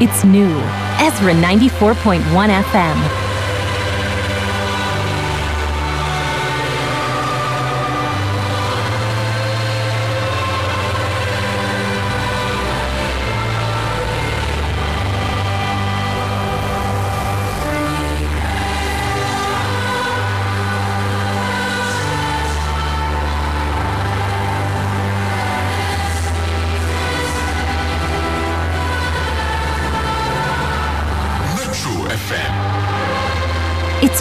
It's new. Ezra 94.1 FM.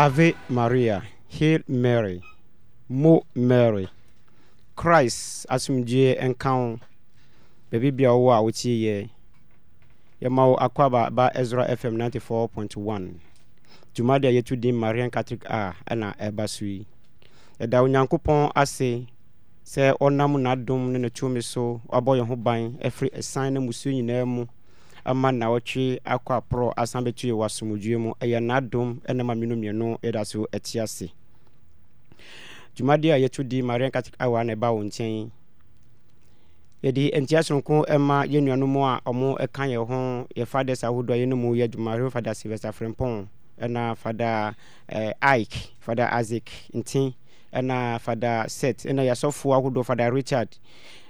Ave Maria, Hail Mary, Mo Mary, Christ asomdwe nka ho baabi bia wowɔ a wotie yɛ yɛma wo akɔ ba Ezra FM 94.1 dwumade a yɛto din Marian Catholic a ɛna ɛba so yi yɛda onyankopɔn ase sɛ ɔnam n'adom ne ne tumi so wabɔ yɛn ho ban afiri ɛsan no musuo nyinaa mu ama nawɔtwe akɔ aporɔ asan bɛtu yɛ wɔ asomdwoe mu ɛyɛ n'adom ɛnama mmienu mmienu ɛda so ɛte ase dwumadeɛ a yɛto di marian catholic awa na ɛba wo nkyɛn yɛde ntia sononko ma yɛn nuanom a ɔmo ka yɛn ho yɛ fathers ahodoɔ a yɛn mu yɛ adwuma rev fada sylvester frempɔn ɛna fada eh, ike fada isaac ntin ɛna fada set ɛna yɛasɔfoɔ ahodoɔ fada richard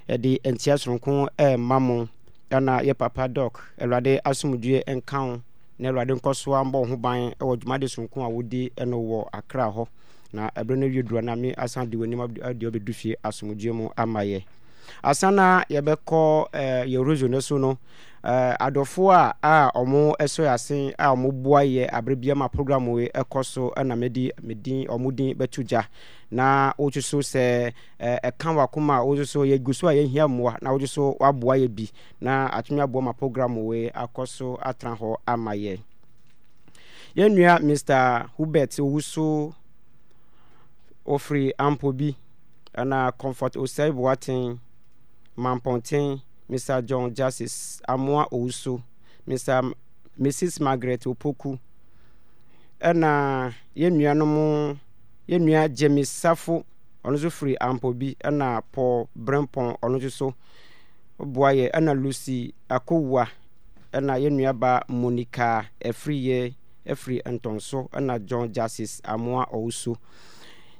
yɛde ntia sononko ma mo ɛna yɛ papa dɔk awurade asomdue nka wo na awurade nkɔ so ambɔ ho ban wɔ dwumade sonko a wodi ɛno wɔ akra hɔ na ɛberɛ no wie dura na me asan de w'anim ade ɔbɛdu fie asomdue mu ama yɛ asan na yɛbɛkɔ eh, yɛroso no so no eh, adɔfoɔ a ɔmo ɛsɔ yɛ a ɔmo boa yɛ aberɛ biama program wei ɛkɔ so ɛna medi medin ɔmo din bɛto gya na wotu so sɛ ɛka wakoma a wotu so yɛgu so a yɛhia mmoa na wotu so waboa yɛ bi na atumi aboa ma program wei akɔ so atena hɔ ama yɛ yɛn nua mr hubert so. ofiri ampo bi ɛna comfort osɛe boaten mampɔnten mr john justice amoa so mr mrs margaret opoku ɛna yɛn nuanom yɛn nua jemi safo ɔno nso firi ampobi ɛna paul brempɔn ɔno nso so boa yɛ ɛna lucy akowa ɛna yɛn ba monica ɛfiri yɛ ɛfiri ntɔnso ɛna john justice amoa ɔwusu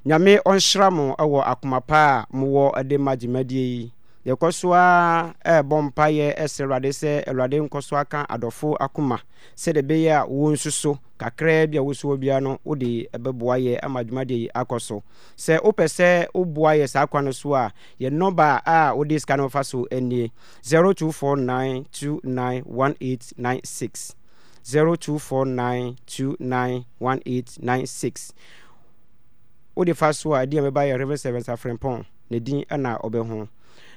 nyame ɔnhyira mo ɛwɔ akoma pa a mowɔ ɛde ma dwumadie yi yɛkɔ so a ɛrebɔ eh, mpayɛ ɛsɛ eh, awurade sɛ awurade aka adɔfo akoma sɛdeɛ ɛbɛyɛ a wɔn kakra bi a wɔso biara no wode ɛbɛboa eh, yɛ ama dwumadeɛ yi akɔ so sɛ wopɛ sɛ yɛ saa kwa no so a yɛ nɔba a wode sika no so nie 0249291896 wode fa so a mɛba yɛ servant afrempɔn ne din ɛna ɔbɛho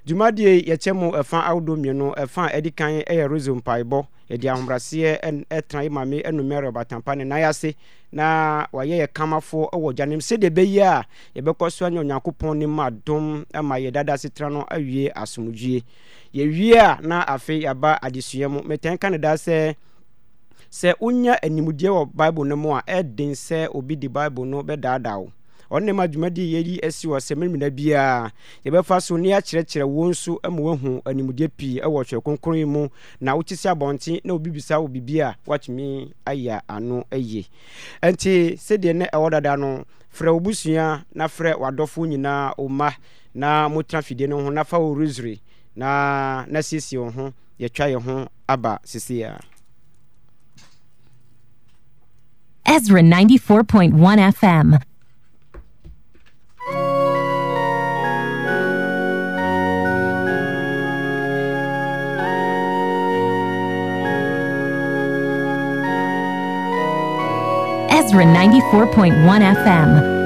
dwumadie yɛkyɛ mu ɛfa ahodoɔ mmienu ɛfa ɛdi kan ɛyɛ rozo mpaebɔ yɛde ahobraseɛ ɛtena yi maame ɛnumɛrɛ ɔbatampa ne nan ase na wayɛ yɛ kamafoɔ ɛwɔ gya nim sɛdeɛ ɛbɛyɛ a yɛbɛkɔ so anya onyankopɔn ne ma dom ama yɛ dada asetena no awie asomdwie yɛwie a na afei yɛaba adesua mu metɛn ka ne da sɛ sɛ wonya animdeɛ wɔ bible no mu a ɛden sɛ obi de bible no bɛdaadaa wo ɔno nam adwumadi yɛyi asi wɔ sɛmmeremina biara yɛbɛfa so ne akyerɛkyerɛ wo nso ma woahu animdeɛ pii ɛwɔ ɔtwerɛ kronkron yi mu na wote sɛ abɔnten na obi bisa wo biribi a woatumi ayɛ ano ayie ɛnti sɛdeɛ ne ɛwɔ dada no frɛ wo busua na frɛ w'adɔfo nyinaa ɔma na motena fidie no ho na fa wo rosary na na siesie wo ho yɛtwa yɛ ho aba sesie a Ezra 94.1 FM Ezra 94.1 FM.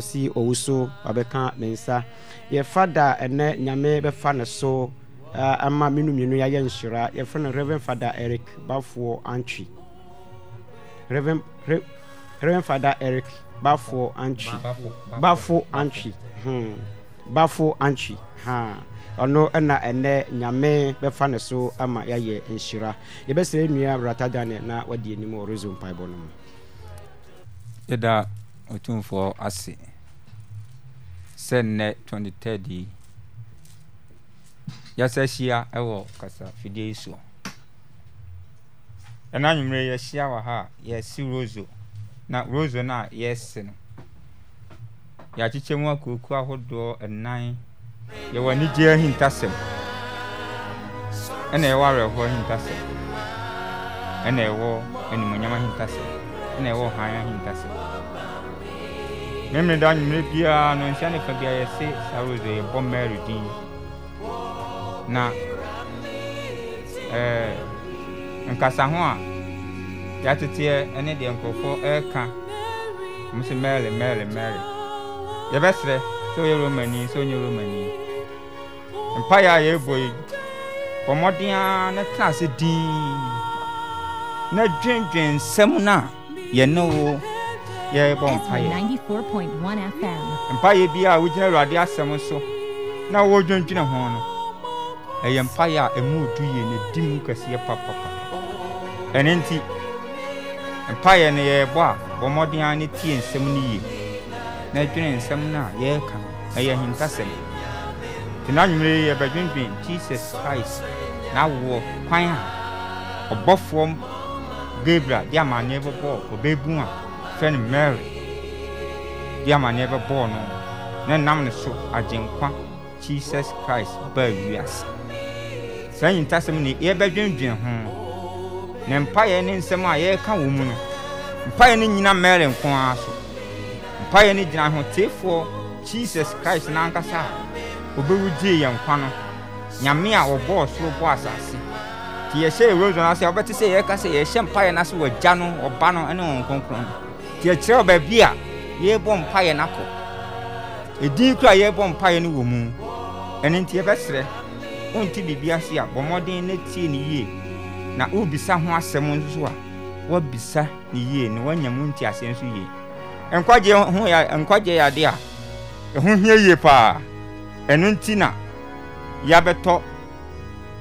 kwasi owu so wabɛka ne nsa yɛfa da ɛnɛ nyame bɛfa ne so ama menu mmienu yɛayɛ nhyira yɛfrɛ no reven fada eric bafoɔ antwi reven fada eric bafoɔ antwi bafo antwi hmm. bafo antwi ha ɔno ɛna ɛnɛ nyame bɛfa ne so ama yɛayɛ nhyira yɛbɛsrɛ nnua brata daniel na wadi anim wɔ reso mpaebɔ no mu yɛda ɔtumfoɔ ase sɛ nnɛ 23 yi yɛsɛ hyia wɔ kasafidie yi soɔ ɛna anwummerɛ yɛhyia wɔ ha a yɛsi roso na roso no a yɛsi no yɛakyekyɛ mu akuokuo ahodoɔ ɛnan yɛwɔ anigyeɛ ahintasɛm ɛna ɛwɔ awerɛhoɔ ahintasɛm ɛna ɛwɔ animonyam ahintasɛm ɛna ɛwɔ hann ahintasɛm mmemme da nwumere biara no nhyia ne fa biara yɛse saa rose yɛbɔ mary din na ɛɛ nkasaho a yɛateteɛ ne deɛ nkurɔfoɔ ɛreka mo sɛ mary mary mary yɛbɛsrɛ sɛ woyɛ romani sɛ wonyɛ romani mpaeɛ a yɛrebɔ yi bɔ mmɔden a na tena ase din na dwendwen nsɛm no a yɛne wo yɛrebɔ mpaeɛ mpaeɛ bi a wogyina awurade asɛm so na wɔredwendwene ho no ɛyɛ mpaeɛ a ɛmu du yie na di mu kɛseɛ papapa ɛno nti mpaeɛ no yɛrebɔ a bɔ mmɔden ara tie nsɛm no yie na dwene nsɛm no a yɛreka no ɛyɛ ahintasɛm nti na nwumere yi yɛbɛdwendwen jesus christ n'awoɔ kwan a ɔbɔfoɔ gabriel de amanneɛ bɔbɔɔ ɔbɛbu a wɔfrɛ no mary de amanneɛ bɛbɔɔ no na nam ne so agyenkwa jesus christ baa wiase saa nyintasɛm ne yɛbɛdwendwen ho na mpaeɛ ne nsɛm a yɛreka wɔ mu no mpaeɛ no nyina mary nko ara so mpaeɛ no gyina ahoteefoɔ jesus christ n'ankasa a obɛwu gyee yɛn nkwa no nyame a wɔbɔɔ soro bɔɔ asase nti yɛhyɛ ɛwuro zɔn ase a wɔbɛte sɛ yɛreka sɛ yɛhyɛ mpaeɛ no ase wɔ agya no ɔba no ne wɔn kronkron no kyerɛkyerɛw baabi a yɛrebɔ mpaeɛ no akɔ ɛdin kora a yɛrebɔ mpaeɛ no wɔ mu ɛno nti yɛbɛserɛ wonte biribi ase a bɔ mmɔden na tie no yie na wobisa ho asɛm nso a wɔbisa ne yie na wɔanya mu nti aseɛ nso yie nkwagye ho nkwagye yɛ ade a ɛho hia yie paa ɛno nti na yɛabɛtɔ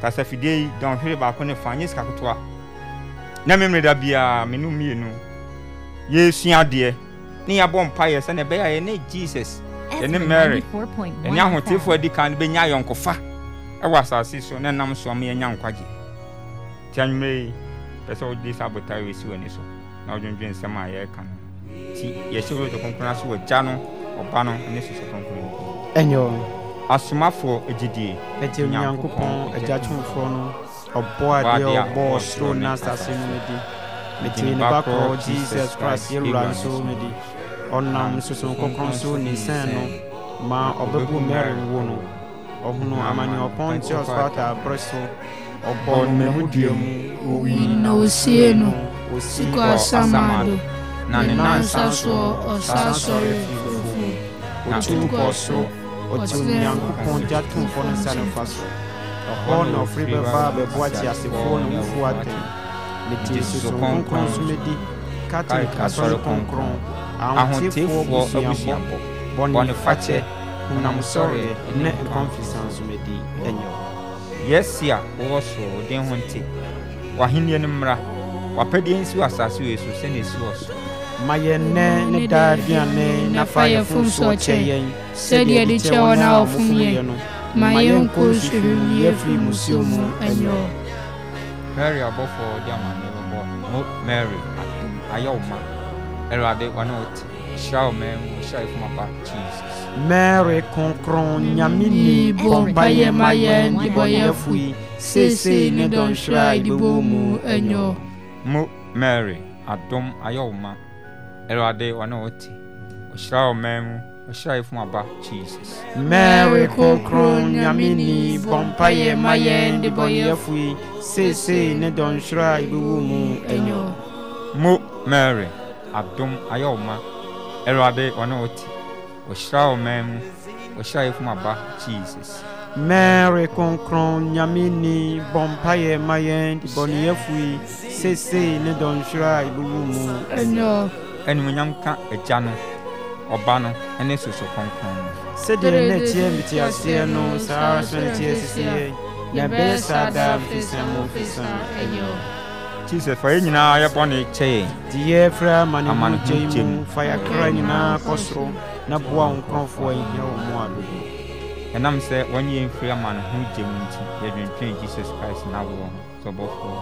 kasafidie yi dɔnhwere baako ne fa nye sika ketewa na memmerɛ da biara me mmienu yɛsua adeɛ ne yɛabɔ mpayɛ sɛne ɛbɛyɛ a yɛne jesus eni mary ɛne ahotefoɔ adi ka no bɛnya ayɔnkofa ɛwɔ asase so ne nam so ama yɛanya nkwagye nti yi pɛ sɛ wode sɛ w'ani so na wodwendwe nsɛm a yɛreka no nti yɛhyɛ wodɔ kronkron ase wɔgya no ɔba no ne susɛ kronkron ɛnyɛ asomafoɔ agyidie ɛgye onyankopɔn agyatomfoɔ no ɔbɔadeɛ ɔbɔɔ ne asase no di mete ba kɔ jesus christ yɛwura nso no di ɔnam nsosom kronkron so ne sɛn no ma ɔbɛbu mary wo no ɔhono amanneɛ ɔpɔn ntios fata abrɛ so ɔbɔ nomamu dua mu owi na osie no osi kɔ asamado na ne nansa so ɔsa sɔre fufuo otu kɔ so ɔte onyankopɔn gya tomfɔ no nsa ne so ɔhɔ na ɔfiri bɛba a bɛboa te asefoɔ no wufuo atɛn mete susu kronkron somedi katin asɔre kronkron ahotefoɔ abusuabɔ bɔnefakyɛ honamsɔreɛ ne nkɔmfisa nsomedi ɛnyɛ wo yɛsi a wɔwɔ soro wo den ho nte w'ahenniɛ no mmra w'apɛdeɛ nsi wɔ asase wei so sɛnea ɛsi wɔ so ma yɛn ne daa aduane na fa yɛ kyɛ yɛn sɛdeɛ de kyɛ wɔn a wɔfom yɛn ma yɛn nkɔ firi musuo mu ɛnyɛ mary abɔfoɔ ɔde amane bɛbɔ mo mary ayɛ wo ma awurade wane wote hyira wo man mu hyira ɛfom aba jesus mary kronkron nyame ni bɔmpayɛ ma yɛn debɔyɛfo yi seesei ne dɔnhwera adibɔ mu anyɔ mo mary adom ayɛ wo ma awurade wane wote ɔhyira wo man mu ɔhyira yɛ fom aba jesus mary kokro nyame ni bɔmpa yɛ ma yɛn de bɔyɛfo yi seesei ne dɔnhwerɛ a ɛbɛwɔ mu ɛnyɛ mo mary adom ayɛ wo ma awurade ɔne wo te ɔhyira wo man mu ɔhyira yɛ fom aba jesus mary kronkron nyame ni bɔmpa yɛ ma yɛn de bɔneyɛfo yi seesei ne dɔnhwerɛ a ɛbɛwɔ mu ɛnyɛ ɛnumonyam ka agya no ɔba no ne soso kronkron no sɛdeɛ na ɛteɛ metiaseɛ no saa ara so ne teɛ sisiɛ na ɛbɛyɛ saa daa mfisɛm mu mfisɛm ɛyɛ o jesus fa yɛ nyinaa yɛ bɔne kyɛ yɛn de yɛ fra amanehogye mu fa yɛakra nyinaa kɔ soro na boa wo nkorɔfoɔ ahia wɔ mu adodo ɛnam sɛ wɔnye yɛn firi amanehogye mu nti yɛdwentwɛn jesus christ n'awoɔ ho sɛ ɔbɔfoɔ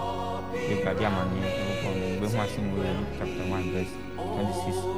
yɛwurade amanneɛ wobɔ no wobɛhu asɛm wɔ chapter 1 verse 26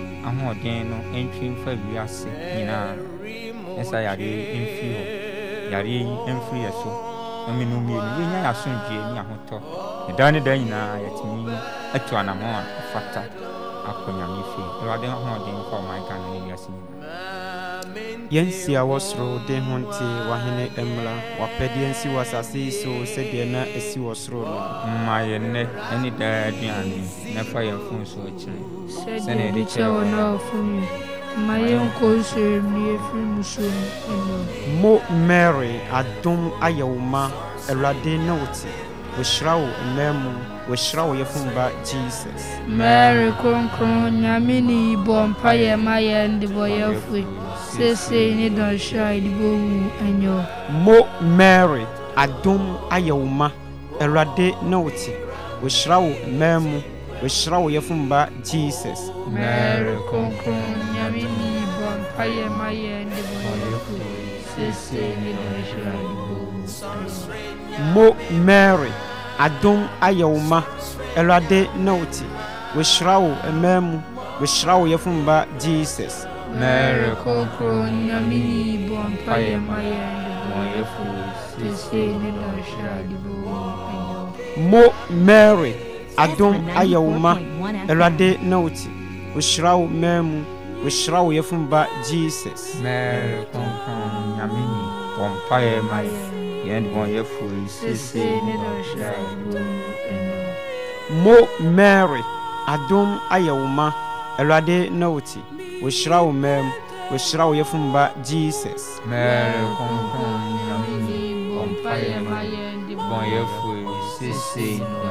ahoɔden no ntwi mfa wiase nyinaa ne saa yareɛ yi mfiri hɔ yareɛ yi mfiri yɛ so ɔme no mmienu yɛnya yɛ asomdwue ne ahotɔ ne daa ne daa nyinaa yɛtumi atu anammɔn a ɛfata akɔ nyame fie awurade ahoɔden fa ɔman ka no si a wɔsoro de ho nte wahene mmra wapɛdeɛ nsi wɔ asase yi so sɛdeɛ na ɛsi wɔ soro no mma yɛnnɛ ne daa aduane na fa yɛn fo nso akyire sɛne ɛde kyɛ wɔ no ɔfo mi mma yɛnkɔ nsoro mmie firi musuo mu mo mary adom ayɛ wo ma awurade ne wo te wɔhyira wo nnan mu wɔhyira wo yɛfom jesus mary kronkron nyame ne yi bɔ mpa yɛ ma yɛn de bɔ yɛfoi seesei ne dɔnhwɛ a yɛde bɔwu anyɛ wo mo mary adom ayɛ wo ma awurade ne wo te wɔhyira wo nnan mu wɔhyira wo yɛfomba jesus mary kronkron nyame ni bɔ mpayɛ ma yɛn de mo mary adom ayɛ wo ma awurade na wo te wɔhyira wo mmaa mu wɔhyira wo yɛfomba jesus mary kronkron nyame ni bɔ mpayɛ ma yɛn de mo mary adom ayɛ wo ma awurade na wo te wɔhyira wo mmaa mu wɔhyira wo yɛfom ba jesus mɛɛre kronkron nyame ni wɔ ma yɛ yɛn dɔnyɛfo yi sese ne dɔnhyira mo mary adom ayɛ wo ma awurade na wo te wɔhyira wo mmaa mu wɔhyira wo yɛfom ba jesus mɛɛre kronkron nyame ni wɔ mpaeɛ ma yɛn dɔnyɛfo yi sese ne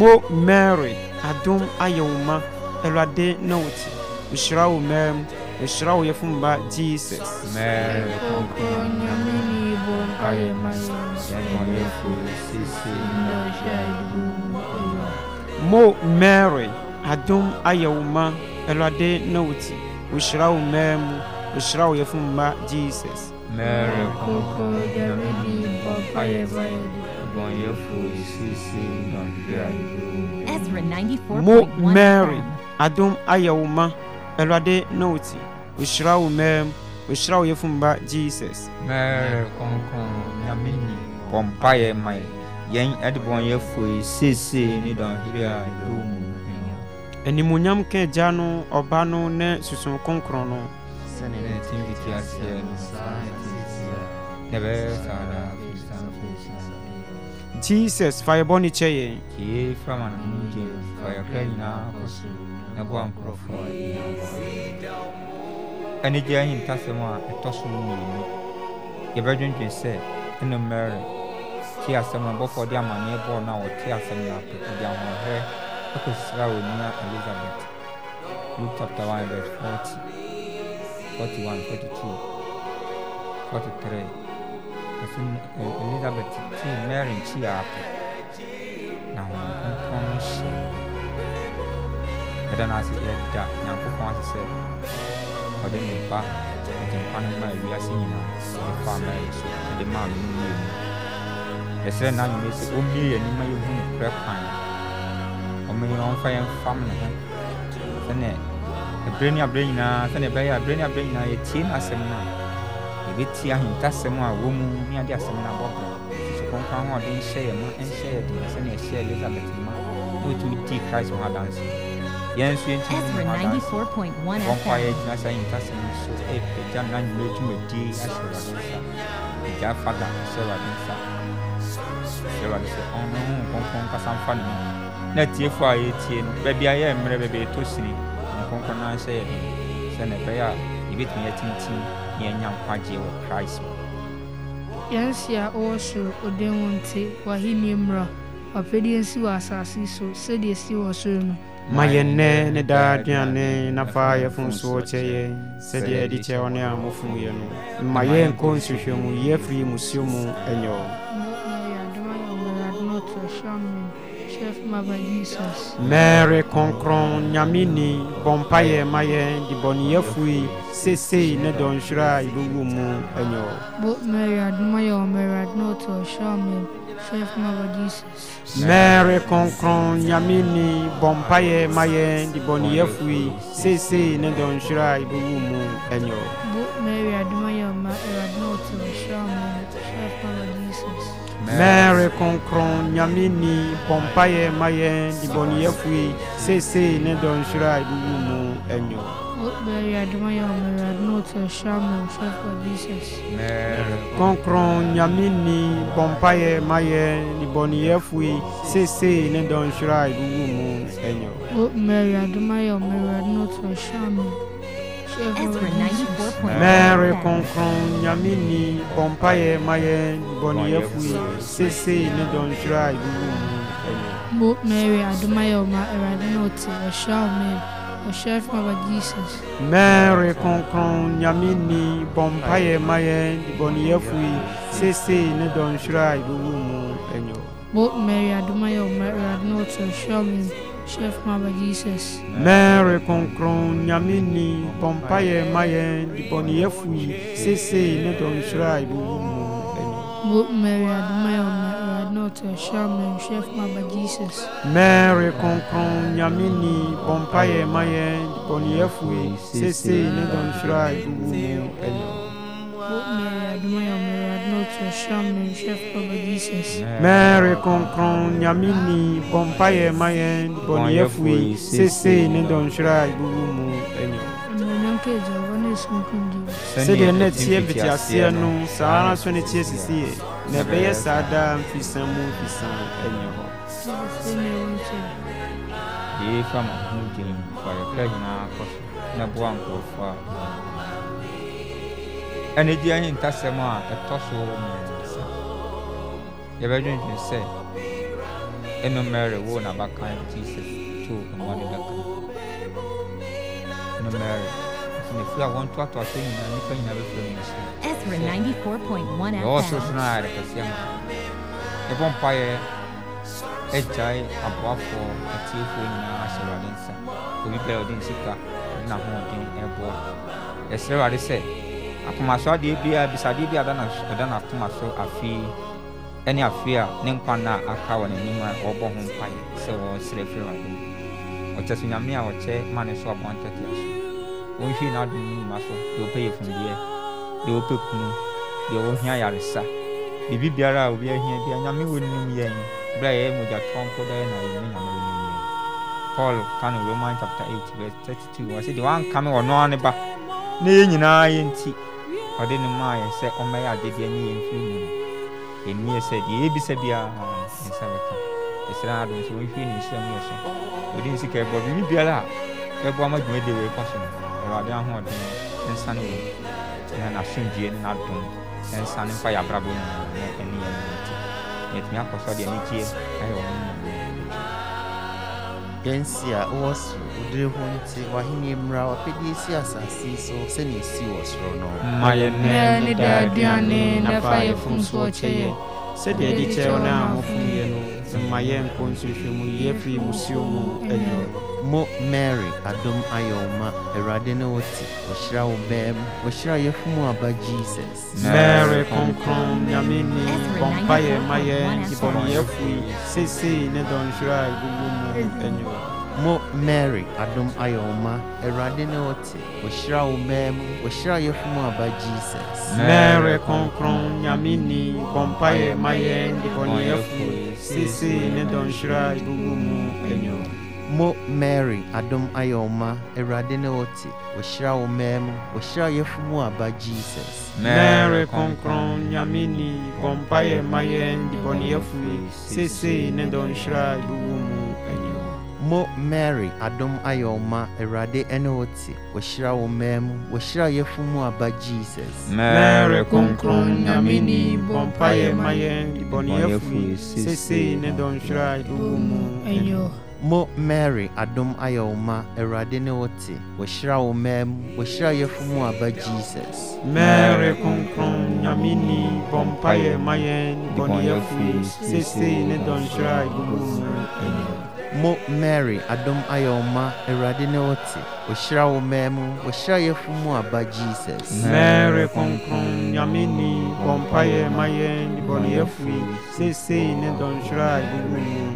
mo mary adom ayɛ wo ma awurade na wo te nhyira wo mary mu nhyira wo yɛfomba jesus mo mary adom ayɛ wo ma awurade na wo te nhyira wo mary mu nhyira wo yɛfomba jesus mary kɔkɔ dawidi bɔpa yɛ bayɛ mo mary adom ayɛ wo ma awurade na wo te wɔhyira wo mam wɔhyira wo yɛfomba jesus mary kronkron nyame ni bɔ mpayɛ ma yɛ yɛn ɛde bɔnyɛfoɔ yi seesei ne dɔnhwere a ɛwɔ mu animuonyam ka agya no ɔba no ne susun kronkron no sɛne ne ɛtim fiti aseɛ no saa ɛtim fiti a ɛbɛyɛ saa daa Jesus fa yɛbɔne kyɛ yɛn tie fa ma nogye fa yɛkra nyinaa kɔ so na boa nkurɔfoɔ ɛne gye ahintasɛm a ɛtɔ so mmienu yɛbɛdwendwen sɛ ɛne mary tie asɛm no bɔfoɔ de amanneɛ bɔɔ no a wɔte asɛm no apɛto de ahoɔherɛ akɔsisra a wɔnua elizabeth luke chapter 1 verse 40 41 42 43 ɛfin elizabeth ti mary ti aapo na wɔn nkonkron hyɛ ɛda no ase yɛda nyankopɔn ase sɛ ɔde ne ba ɔde mpa no ma awiase nyinaa ɔde fa ama yɛ so ɔde ma ɔno mu yɛ mu yɛsrɛ n'anwumɛ sɛ ɔmmie yɛ anim ma yɛhu no korɛ kwan ɔma yi ɔmfa yɛmfam ne ho sɛnea ɛberɛ ne aberɛ nyinaa sɛnea ɛbɛyɛ aberɛ ne aberɛ nyinaa yɛtie no asɛm no wɔbɛtie ahentasɛm a wɔ mu ne ade asɛm no abɔ brɛ so kɔnkɔ ahoɔden nhyɛ yɛ ma nhyɛ yɛ den sɛnea ɛhyɛ elizabeth ma na wɔtumi di christ ho adanse yɛn nso yɛntumi di ho adanse wɔnkɔ a yɛgyina sɛ ahentasɛm so ɛpagya na nnwuma dwumadie ahyɛ wade nsa agya e fada hyɛ wade nsa hyɛ wade sɛ ɔno ho nkɔnkɔn kasa mfa ne mu na tiefo a yɛtie no baabi a mmerɛ baabi ɛtɔ sini nkɔnkɔn no ahyɛ yɛ den sɛnea ɛbɛyɛ a yɛbɛtumi yɛtintim hia nyankwagye wɔ christ mu yɛn hyia ɔwɔ soro ɔdan mu nte wahenni mmra wapɛdeɛ nsi wɔ asase so sɛdeɛ si wɔ soro no ma yɛnnɛ ne daa aduane na fa yɛfo nsoɔ kyɛ yɛn sɛdeɛ ɛde kyɛ ɔne a mofom yɛ no mma yɛnkɔ nsuhwɛmu yɛ afiri musuo mu ɛnyɛ ɔ mɛɛre kɔnkrɔn nyamini bɔnpayɛ ma yɛn dibɔniyɛfu yi sesei ne dɔnhyira a yɛbɛwu mu anyɛ ɔ bo mɛɛre adoma yɛ wɔ mɛɛre adoma ɔtɔ ɔhyira me mɛɛre kɔnkrɔn nyamini bɔnpayɛ ma yɛn dibɔniyɛfu yi ne dɔnhyira a yɛbɛwu But Mary, ɔ bo mɛɛre mɛɛre kɔnkrɔn nyame ni pɔmpayɛ ma yɛn dibɔneyɛfoe seesei ne dɔnhwerɛ a ɛbubu mu anyo kɔnkrɔn nyame ni bɔmpayɛ ma yɛn dibɔneyɛfoe seesei ne dɔnhwerɛ a ɛbubu mu anyo mɛɛre kɔnkɔn nyame ni bɔmpayɛ ma yɛ bɔneyɛfo ye sesei ne dɔnhwerɛ a yɛwu mu mo mary adomayɛ ɔma awurade ne ɔte ɔhyira wo mary ɔhyira fo aba jesus mɛɛre kɔnkɔn nyame ni bɔmpayɛ ma yɛ bɔneyɛfo ye sesei ne dɔnhwerɛ a yɛwu mu mo mary adomayɛ ɔma awurade ne ɔte ɔhyira wo mary Chef Mama Jesus. Mère concron, nyamini, pompaye, mayen, dibonye fui, sese, nedon shrai, bubumu. Book Mary Admire, Adnota, Shaman, Chef Mama Jesus. Mère concron, nyamini, pompaye, mayen, dibonye fui, sese, nedon shrai, bubumu. Book Mary Admire, Shami, chef Obadises. Mère concron, Yamini, Pompaye, Mayen, Bonniefui, Sese, Nedon Shrai, Burumu, Enyo. sɛdeɛ na tie mfitiaseɛ no saa ara nso ne tie sisie na saa mfisa mu mfisa na ɛna di ayi ntasɛm a ɛtɔ so mmiɛnsa yɛbɛdwendwen sɛ ɛno mary wo n'abakan jesus too mmɔde daka no mary nti na firi a wɔntoatoa so nyinaa nnipa nyinaa bɛfrɛ mu nhyɛ yɛwɔ sorosoro a yɛrekɛseɛ ma yɛbɔ mpayɛ agyae aboafoɔ atiefoɔ nyinaa ahyɛ awurade nsa obi bɛɛ ɔde nsika ɔde ɛboa yɛsrɛ awurade sɛ akomaso adeɛ biara bisadeɛ bi ada na ɛda na akoma so afi ɛne afei a ne nkwa no a aka wɔ n'anim a ɔbɔ ho mpaeɛ sɛ wɔsrɛ firi wɔ adom ɔkyɛ so nyame a ɔkyɛ ma ne so abɔntɛtea so wɔnhwii n'adom no nyuma so deɛ ɔpɛ yɛ fundeɛ deɛ ɔpɛ kunu deɛ ɔhia yaresa biribi biara a obi ahia bia nyame wɔ nim yɛn berɛ a yɛyɛ mogyatɔ mpo dɛ na yɛne nyame wɔ nim paul kan roman chapter eight verse 32 ɔse deɛ wankame ɔno ane ba na yɛ nyinaa yɛ nti ɔde ne maa yɛ sɛ ɔmmɛyɛ adedeɛ ne yɛn mfiri ne mu ɛnni yɛ sɛ deɛ yɛbisa biara nsa bɛka ɛsrɛ ado nso wɔnhwie ne nhyira mu yɛ so ɔde nsi ka ɛboa biribi biara a ɛboa ma dwumadi wɔ ɛkɔ so no awurade ahoɔden nsa ne wɔ na n'asomdwie ne n'adom nsa ne mfa yɛ abrabɔ nyinaa ne ɛne yɛn mu nti yɛtumi akɔ sɔ deɛ ne gyeɛ ayɛ wɔn mu yɛnsi a wɔwɔ soro ho nti asase so wɔ soro no ne aduane na fa yɛ yɛ sɛdeɛ wɔn a no mma yɛ mu yɛ mo mary adom ayɔma awurade ne wo te ɔhyira bɛɛ mu aba jesus mary nyame ni yɛ ne mo mary adom Ayoma, awurade ne ɔte wɔhyira wo mmaa mu wɔhyira yɛfom aba jesus mary kronkron nyame ni kɔmpayɛ ma yɛn debɔneyɛfo seesei ne dɔnhyira bubu mu anwom mo mary adom Ayoma, awurade ne ɔte wɔhyira wo mmaa mu wɔhyira mu aba jesus mary kronkron nyame ni kɔmpayɛ ma yɛn debɔneyɛfo seesei ne dɔnhyira bubu mu mo mary adom ayɛ ɔma awurade ɛne wo te wɔhyira wo mmaa mu wɔhyira yɛfo mu aba jesus mary kronkron nyameni bɔ mpayɛ ma yɛn bɔneyɛfo sesei ne dɔnhwera ɛwɔ mu mo mary adom ayɛ wo awurade ne wo te wɔhyira wo mmaa mu wɔhyira yɛfo mu aba jesus mary kronkron nyameni bɔ mpayɛ ma yɛn bɔneyɛfo sesei ne dɔnhwera ɛwɔ mu mo mary adom ayɛ wo ma awurade ne wo te wɔhyira wo mmaa mu wɔhyira yɛfo mu aba jesus mary kronkron nyame ni bɔ ma yɛn nnebɔneyɛfo yi seesei ne dɔnhwerɛ a ɛbɛwu mu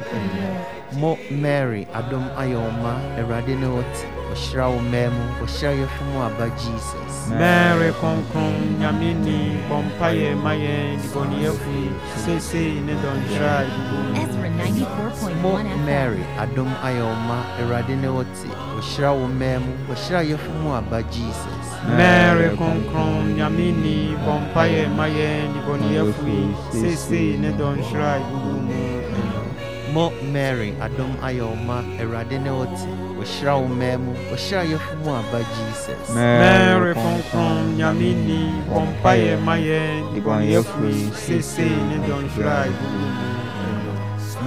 mo mary adom ayɛ wo ma awurade ne wo te ɔhyira wo mmaa mu ɔhyira yɛfo mu aba jesus mɛre kronkron nyame ni bɔ mpayɛ ma yɛn dibɔneyɛfo seesei ne dɔnhyira adibo mary adom ayɛ wo ma awurade ne wɔte ɔhyira wo mmaa mu ɔhyira yɛfo mu aba jesus mɛre kronkron nyame ni bɔ mpayɛ ma yɛn dibɔneyɛfo seesei ne dɔnhyira mo mary adom ayɛ wo ma awurade ne wɔte wɔhyira wo mmaa mu wɔhyira yɛfo mu aba jesus mary kronkron nyame ni wɔmpayɛ ma yɛn nnebɔneyɛfoi seesei ne dɔnhwera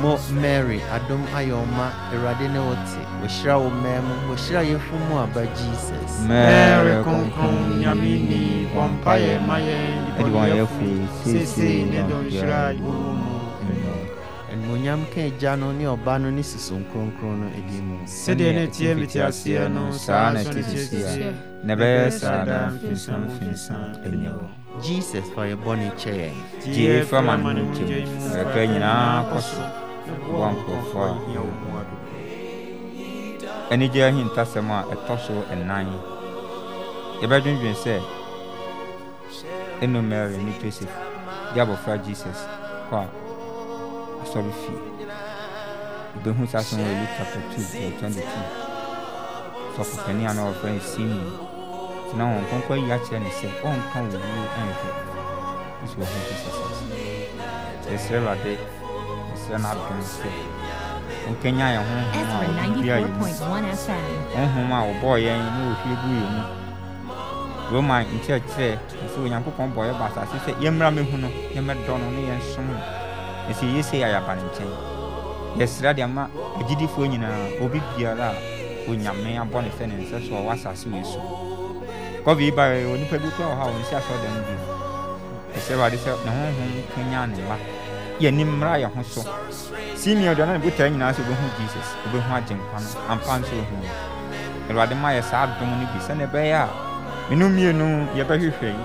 mo mary adom ayɛ ɔma awurade ne wo te wɔhyira wo mmaa mu wɔhyira yɛfo mu aba jesus mary kronkron nyame ni wɔmpayɛ ma yɛn nnebɔneyɛfoi seesei ne dɔnhwera ɛbubu onyam ka agya no ne ɔba no ne siso nkronkron e e e no adi mu sɛdeɛ ne teɛ metiaseɛ no saa na ɛte sisia na ɛbɛyɛ saa da mfinsamfinsa ani hɔ jesus fa yɛ kyɛ yɛn gye fa ma no nkyɛm ɛka nyinaa kɔ so wa nkurɔfoɔ a anigye ahintasɛm a ɛtɔ so ɛnan yɛbɛdwendwen sɛ ɛno mary ne joseph de abɔfra jesus kɔ a asɔre fie wobɛhu saa sɛm wɔ luke chapter 2 from 22 sɔfo panin a na wɔfrɛ no simon tena wɔn nkɔnkɔ yi akyerɛ ne sɛ ɔnka wo wuo ɛnhwɛ nso wɔho te sɛ sɛs yɛsrɛ awurade yɛsrɛ no adom sɛ wonkanya yɛn honhom a wɔdibia yɛ mu honhom a wɔbɔɔ yɛn na wɔhwie gu yɛ mu roman nkyerɛkyerɛ ɛsɛ onyankopɔn bɔyɛ ba asase sɛ yɛmmra mɛhu no yɛmmɛdɔ no ne yɛnsom no nso yɛsei ayaba ne nkyɛn yɛsrɛ deɛ ma agyidifoɔ nyinaa obi biara e e a onyame abɔ ne sɛ ne nsɛ so ɔwɔ asase wei so kɔbe yi baɛ onipa bi kora wɔ hɔ a ɔnsi asɔredan bio ɛsɛ wade sɛ ne honhom kanya ne ma yɛni mmara yɛ ho so senior deɛ na ne botae nyinaa sɛ wobɛhu jesus wobɛhu agyenkwa no ampa nso ohu no awurade ma yɛ saa dom no bi sɛne ɛbɛyɛ a menu mmienu yɛbɛhwehwɛ yi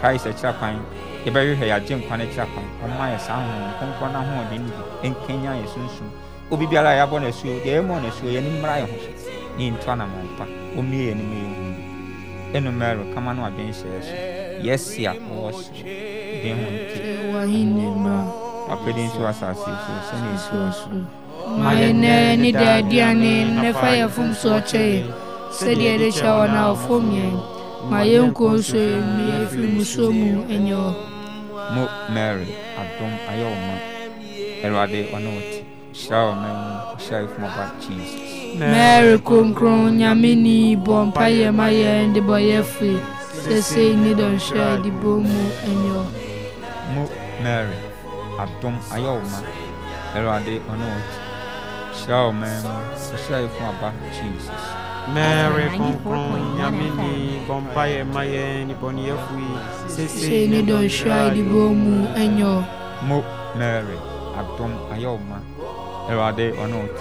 christ akyira e yɛbɛhwehwɛ yɛagye nkwa no kyerɛ kwan ɔma yɛ saa honhom kronkron no ahoɔden bi ɛnkanya yɛ sunsum obi a yɛabɔ no asuo deɛ no asuo yɛne mmra yɛ ho hwɛ ne yɛntu anamampa ɔmmie yɛ anim yɛhu ɛno mɛro kama no abenhyɛɛ so yɛse wɔwɔ soro den ho nti wapɛde nso asase so sɛne ɛsi so ma yɛnnɛ ne daaduane nɛfa yɛ fom so ɔkyɛ yɛ sɛdeɛ ɛde kyɛ wɔ na ɔfom yɛn ma yɛnkɔ nso mmie firi musuo mu ɛnyɛ mo mary adom ayɛ wo ma awurade ɔne wo te hyira wɔ ma mu hyira ifom ɔba jesus mary kronkron nyame ni bɔ mpayɛ ma yɛn de bɔyɛ firi sesei ne dɔnhwɛ de bɔ mu anyɛ mo mary adom ayɛ wo ma awurade ɔne wo te hyira wɔ ma mu hyira ifom aba jesus mère concon nyamini bompa ye maye ni bonye fui sese ni don shai di bomu enyo mo mary abdom ayoma erade onot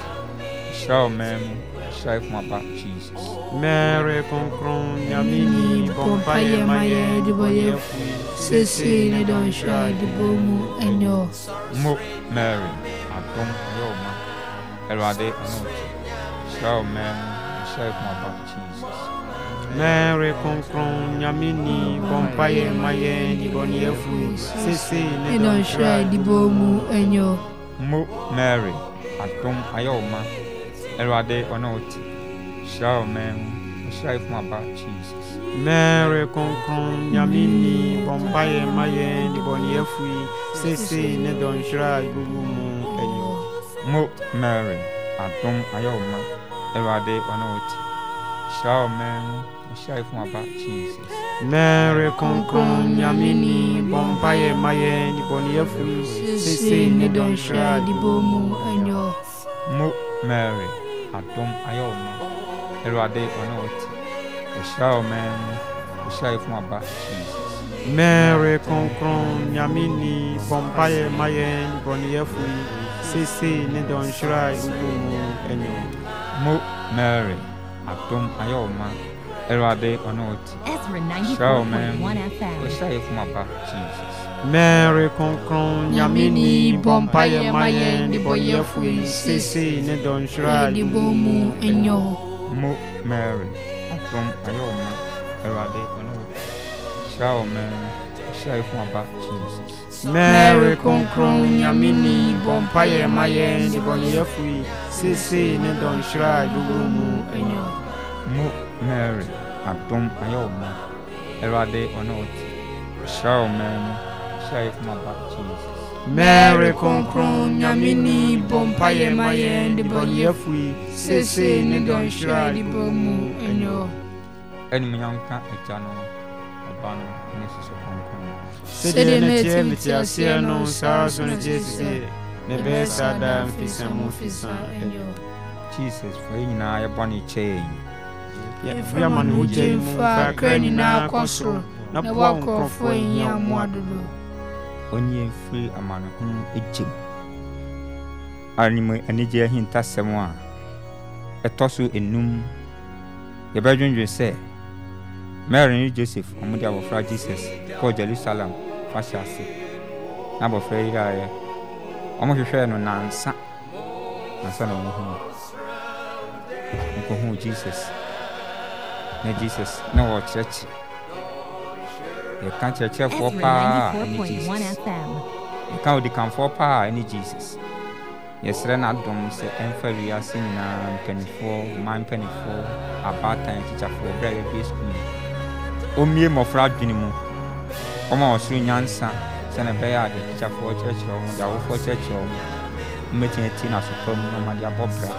shao mem shai fuma pa jesus mère concon nyamini bompa ye maye di bonye fui sese ni don shai di bomu enyo mo mary abdom ayoma erade onot shao mem sɛ papa jesus. mary come nyame ni bɔmpa yɛ ma yɛ nibɔneyɛfo sese ne dɔnhwerɛ adibɔ mu ɛnyɛ mo mary adom ayɛ wo ma awurade ɔne wo te hyira wo man mu ɔhyira yɛ fom aba jesus mary come nyame ni bɔmpa yɛ ma yɛ nibɔneyɛfo sese ne dɔnhwerɛ adibɔ mu ɛnyɛ mo mary adom ayɛ wo ma Awurade ɔne wo te hyira wo man mu nhyira yɛ fom aba jesus mɛre kronkron nyameni bɔ mpayɛ ma yɛ nnibɔneyɛfo Se sese ne dɔnhyira adibɔ mu anyɔ mo mɛre adom ayɛ wo ma awurade ɔne wo te ɔhyira wo man mu nhyira yɛ jesus mɛre kronkron nyameni bɔ mpayɛ ma yɛ nnibɔneyɛfo yi sese ne dɔnhyira adibɔ mu anyɔ mo mary atom ayɛ wo ma awurade ɔne wo te hyɛ wo man mu ɔhyɛ yɛ fom aba jesus mary kronkron nyame ni bɔ mpaeɛ ma yɛn nnebɔyɛfo yi seesei ne dɔnhwerɛ adebɔ mu ɛnyɛ mo mary atom ayɛ wo ma awurade ɔne wo te hyɛ wo man mu ɔhyɛ yɛ fom aba jesus mary kronkron nyamini bɔ mpayɛ ma yɛn nnebɔneyɛfo yi seesei ne dɔnhwera a ɛbɛwura mu anyam mo mary adom ayɛ wo ma awurade ɔne wo te hyira wo mary mu hyira yɛ foma ba jesus mary kronkron nyamini bɔ mpayɛ ma yɛn nnebɔneyɛfo yi seesei ne dɔnhwera a ɛbɛwura mu anyam ɛnumonyam ka agya no ɔba no ne sosɔ sɛdeɛ na ɛtiɛ mete aseɛ no saa so no kyerɛ si sɛ ne bɛyɛ saa daa mfisa mu mfisa jesus fa yɛ nyinaa yɛbɔ ne kyɛɛ yi yɛfiri amane wogya yi mu kakra nyinaa kɔ soro na boa nkurɔfoɔ ɛnyia mmoa dodoɔ ɔne yɛmfiri amanehunu ɛgye mu animo anigye ahintasɛm a ɛtɔ so enum yɛbɛdwendwen sɛ mary ne joseph ɔmode abɔfra jesus kɔɔ jerusalem ahyɛ ase eh. na abɔfra yi yɛaeɛ fazer no nansa nansa na ɔmo hunu nkɔhuu jesus na jesus na wɔrekyerɛkyerɛ yɛka kyerɛkyerɛfoɔ paa ɛne jesus yɛka odikanfoɔ paa ɛne jesus yɛsrɛ n'adom sɛ ɛmfa wiase nyinaa mpanifoɔ mma mpanifoɔ abaatan akyikyafoɔ berɛ a yɛbie sukuu ɔmmie mmɔfra adwene mu ɔma ɔsoro nyansa sɛ ne bɛyɛ ade tikyafoɔ kyerɛkyerɛ wɔn de awofoɔ kyerɛkyerɛ wɔn mmɛtumi ti n'asopɔ mu ɔma de abɔ bra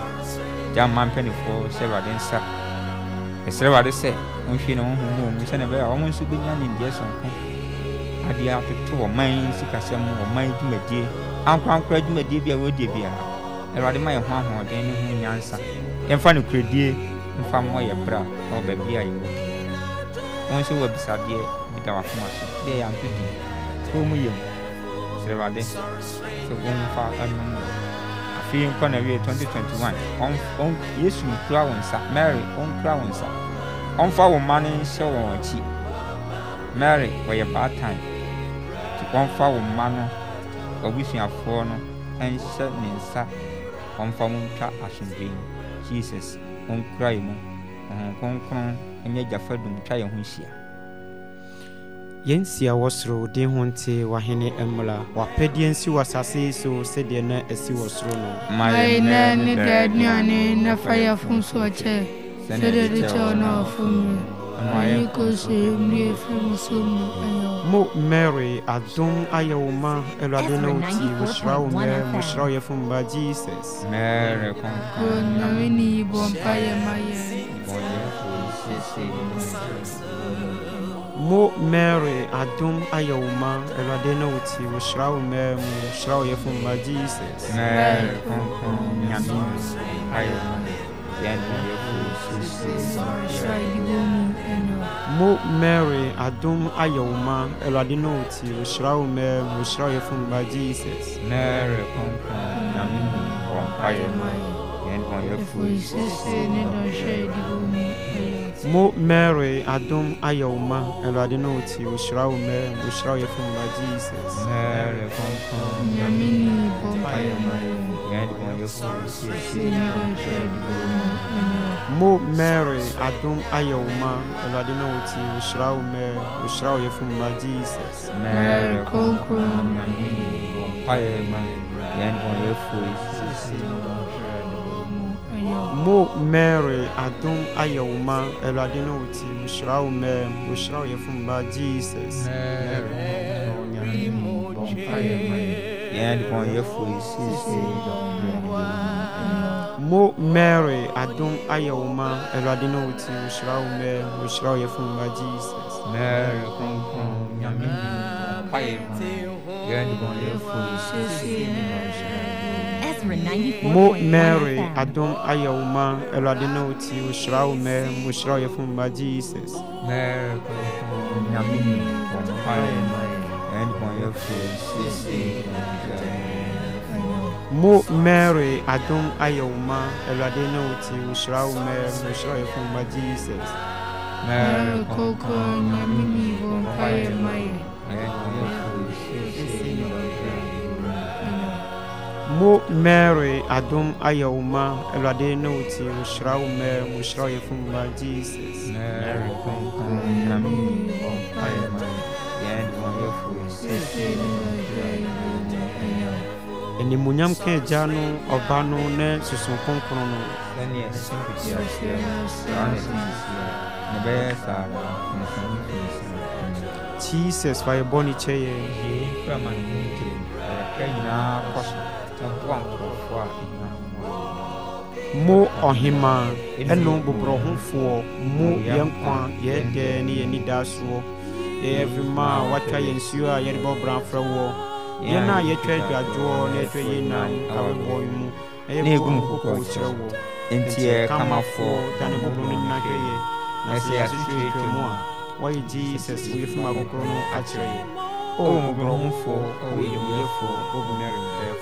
de ama mpanimfoɔ hyɛ awurade nsa ɛsrɛ awurade sɛ ɔnhwie ne honhom mu ɔmu sɛ ne bɛyɛ a ɔmo nso bɛnya nimdeɛ sonko adeɛ atoto ɔman sikasɛm ɔman dwumadie ankorankora dwumadie bi a wɔdie biara awurade ma yɛ ho ahoɔden ne ho nyansa yɛmfa no kuradie mfa mmɔ yɛ bra ɛwɔ baabi a yɛwɔ wɔn nso wɔ bisadeɛ da wafoma so dɛ yɛ ato di kuro mu yɛm srɛwade sɛ wɔmfa ɛnom wɔ afei nkɔ na wie 2021 yesu nkura wo nsa mary ɔnkura wo nsa ɔmfa wo mma no nhyɛ wɔn akyi mary wɔyɛ baatan nti ɔmfa wo mma no abusuafoɔ no nhyɛ ne nsa ɔmfa mu ntwa asomdwee jesus ɔnkura yɛ mu ɔhonkonkron nyɛ gyafadum twa yɛn ho hyia yɛnsia wɔ soro wo din ho nte wahene mmra wapɛdeɛ nsi wɔ asase so sɛdeɛ na ɛsi wɔ soro no ma ne daa aduane na fa yɛafom so ɔkyɛ sɛdeɛ de kyɛ wo na ɔfom mu mo mary adom ayɛ wo ma awurade na wotie mohyira wo mmerɛ mohyira wo yɛfo mba jesus mary mo mary adom ayɛ wo ma awurade ne wo ti wɔhyira jesus ma mo mary adom ayɛ wo ma awurade ne wo ti wɔhyira jesus mary kronkron nyame wɔmpayɛ ma yɛne wɔn mo mary adom ayɛ wo ma awurade ne wo ti wɔhyira wo mary wɔhyira wo yɛfo mma jesus mary kɔnkɔn nyame ne bɔ mpaeɛ ma yɛde wɔn yɛfo wɔsiesie ne wɔnhwɛ adiboɔ mu mo mary adom ayɛ wo ma awurade ne wo ti wɔhyira wo mary wɔhyira wo yɛfo mma jesus mary kɔnkɔn nyame ne bɔ mpaeɛ ma yɛde wɔn yɛfo wɔsiesie ne wɔnhwɛ mo mary adom ayɛ wo ma awurade ne wo ti wohyira wo mary wohyira wo yɛfomba jesus mo mary adom ayɛ wo ma awurade ne wo ti wohyira wo mary wohyira wo yɛfomba jesus mary kronkron nyame mpaeɛ ma yɛn de bɔn yɛfo yesu mo mary Adam ayɛ ma awurade na wo ti wohyira wo mo mary Adam ayɛ ma awurade na wo ti wohyira jesus mary kɔkɔ nyame ni wɔ mpaeɛ ma bo mary adom ayɛ wo ma awurade ne wo ti wohyira wo mɛ mohyira wo yɛfo mu ma jesus mary kronkron nyame ni ka agya no ɔba no ne susun kronkron no sɛneɛ ɛhyɛ mfitiaseɛ jesus fa yɛbɔ ne kyɛ yɛ mo ɔhemaa ɛno boborɔhofoɔ mo yɛn nkwa yɛn dɛɛ ne yɛn nidasoɔ yɛyɛ vima a watwa yɛn nsuo a yɛde bɔ bra frɛ wɔ yɛn a yɛtwa adwadwoɔ na yɛtwa yɛn nan awebɔ mu na yɛgu mu kokɔ wɔ nti yɛ kamafoɔ dane boboro no nyina hwɛ yɛ na sɛ yɛasehwɛ twa mu a wɔyɛ jesus woyɛfima kokoro no akyerɛ yɛ o moborɔhofoɔ ɔwɔ yɛmuyɛfoɔ bobumɛrebɛɛfo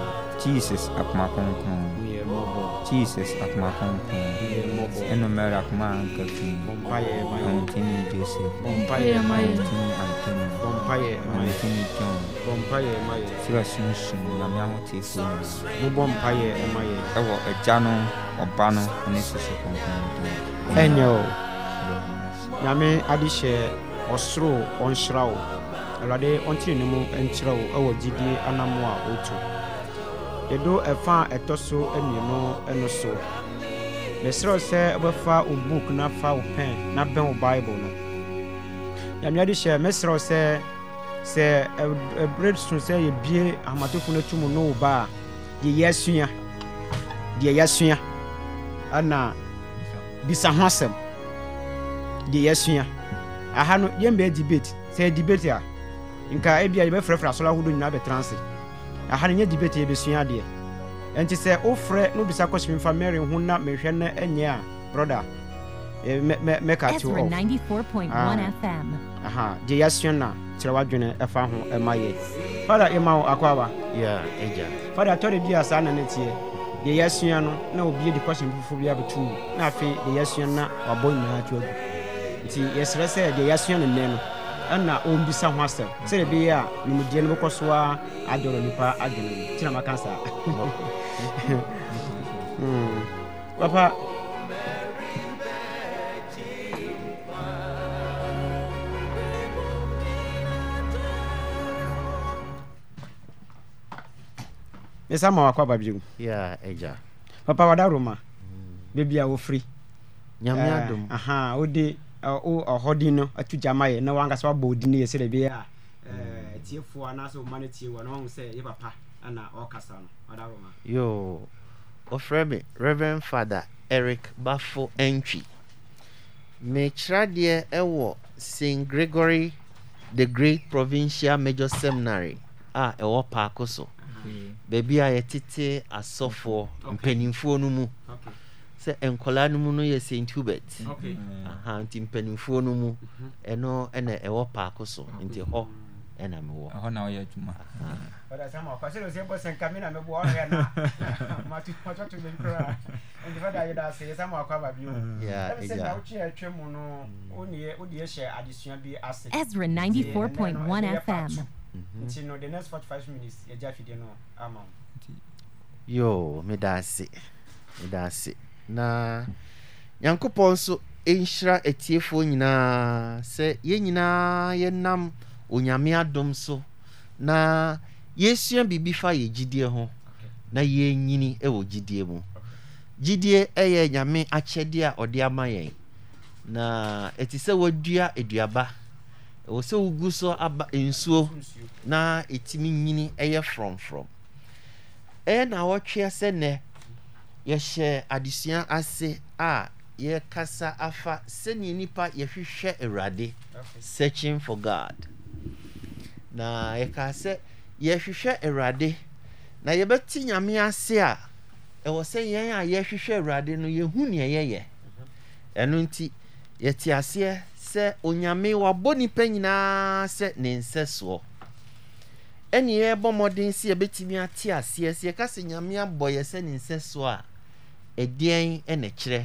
Jesus at my kronkron Jesus at my akoma kronkron ɛnumɛrɛ akoma ankafi ahotini Joseph ahotini Anthony ahotini John sira sunsun nyame ahote fo mu ɛwɔ Agya no Ɔba no ne soso kronkron do ɛnyɛ o nyame ade hyɛ ɔsoro ɔnhyira wo awurade ɔntene ne mu nkyerɛ wo ɛwɔ gyidie anammɔ a ɔto yɛdo ɛfa a ɛtɔ so mmienu no so mesrɛ sɛ wobɛfa wo book na fa wo pɛn na bɛn wo bible no nyameade hyɛ mesrɛ sɛ sɛ ɛberɛ so sɛ yɛbie ahomatofo no atum no wo ba a deɛ yɛasua deɛ yɛasua ana bisa ho asɛm deɛ yɛasua aha no yɛmbɛyɛ debate sɛ debate a nka ebia yɛbɛfrɛfrɛ asɔre ahodoɔ nyinaa bɛtranse aha ne nyɛ debate yɛbɛsua adeɛ ɛnti sɛ wofrɛ na wobisa kɔhyɛ mfa mary ho na mehwɛ no ɛnyɛ a brɔda eh, mɛka te ah. aha deɛ yɛasua no kyerɛ w'adwene ɛfa ho ɛma yɛ fada yɛma wo akɔaba fada tɔre bi a saa na no teɛ deɛ yɛasua no na obie de kɔhyɛ foforɔ bi abɛtom na afei deɛ yɛasua na wabɔ nyinaa to agu nti yɛsrɛ sɛ deɛ yɛasua no nnɛ no ɛna ɔmbisa ho asɛm sɛdeɛ ɛbɛyɛ a nimdeɛ no bɛkɔ so a adɔrɔ nipa adwene no maka saa papa mesa ma wakɔ aba bio papa wada roma bebia wofiri eh, wode ɔhɔden no atu gyama yɛ na wankasa wabɔ odin no yɛ sɛdeɛ bɛyɛ a mm. tiefoɔ anaasɛ ɔma no tie wɔ na wahu sɛ yɛ papa ana ɔkasa no ɔda bɔma yo ɔfrɛ me reverend father eric bafo ɛntwi mekyerɛ deɛ ɛwɔ st gregory the great provincial major seminary a ɛwɔ paako so baabi a yɛtete asɔfoɔ mpanimfoɔ no mu okay. sɛ nkɔla no mu no yɛ st hubert a nti mpanimfuo no mu ɛno ɛna ɛwɔ paako so nti hɔ ɛna mewɔsra 94.1fmyo meda ase meda mm. mm. ase na nyankopɔn nso ɛnhyira atiefoɔ nyinaa sɛ yɛn nyinaa yɛnam onyame adom so na yɛsua biribi fa yɛ gyidie ho na yɛnyini wɔ gyidie mu gyidie yɛ nyame akyɛdeɛ a ɔde ama yɛn na ɛte sɛ wadua aduaba ɛwɔ sɛ wogu so aba nsuo na ɛtumi nyini yɛ frɔmfrɔm ɛyɛ na wɔtwe sɛ nnɛ yɛhyɛ adesua ase a yɛkasa afa sɛnea nipa yɛhwehwɛ awurade searching for god na yɛka sɛ yɛhwehwɛ awurade na yɛbɛte nyame ase a ɛwɔ sɛ yɛn a yɛhwehwɛ awurade no yɛhu nea yɛyɛ mhm. ɛno nti yɛte aseɛ sɛ onyame wabɔ nipa nyinaa sɛ ne nsɛsoɔ ɛne yɛbɔ mmɔden sɛ yɛbɛtumi ate aseɛ sɛ yɛka sɛ nyame abɔ yɛ sɛ ne nsɛsoɔ a ɛdeɛn ɛna kyerɛ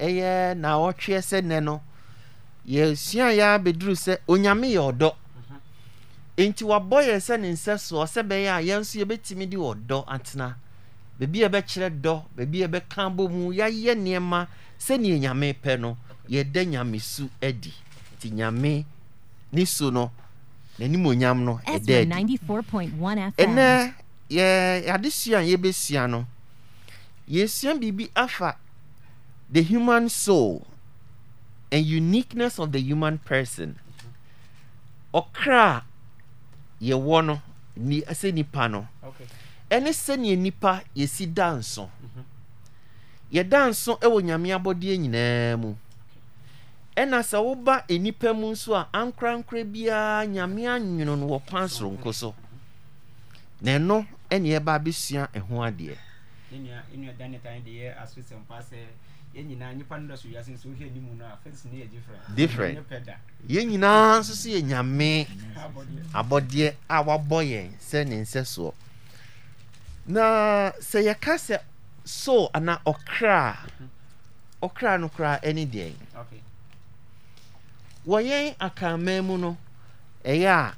ɛyɛ na ɔtwe sɛ nɛ no yɛsua yɛ abɛduru sɛ onyame yɛ ɔdɔ nti wabɔ yɛ sɛ ne nsa soɔ sɛ bɛyɛ a yɛn nso yɛbɛtumi de ɔdɔ atena Beebi a yɛbɛkyerɛ dɔ beebi a yɛbɛka bɔ mu yɛayɛ nneɛma sɛnea nyame pɛ no yɛda nyame su adi nti nyame ne su no n'anim onyam no ɛda adi ɛnɛ yɛ adesua a yɛbɛsua no yɛsua biribi afa the human soul and uniqueness of the human person ɔkra yɛwɔ no ni sɛ nipa no ɛne sɛneɛ nipa yɛsi da nso mhm. yɛda nso wɔ nyame abɔdeɛ nyinaa mu ɛna sɛ woba nipa mu nso a ankorankora biara nyame anwono no wɔ kwan soronko so mhm. na ɛno ɛne ɛba abɛsua ɛho adeɛ yɛnua yɛnua dan ne tan de yɛ aso sɛ mpa sɛ yɛn nyinaa nipa no dɔso wiase nso wohwɛ anim no a fɛs ne yɛ different different yɛn nyinaa nso so yɛ nyame abɔdeɛ a wabɔ yɛn sɛ ne nsɛsoɔ na sɛ yɛka sɛ so ana ɔkra ɔkra no koraa ɛne deɛn wɔ yɛn akraman mu no ɛyɛ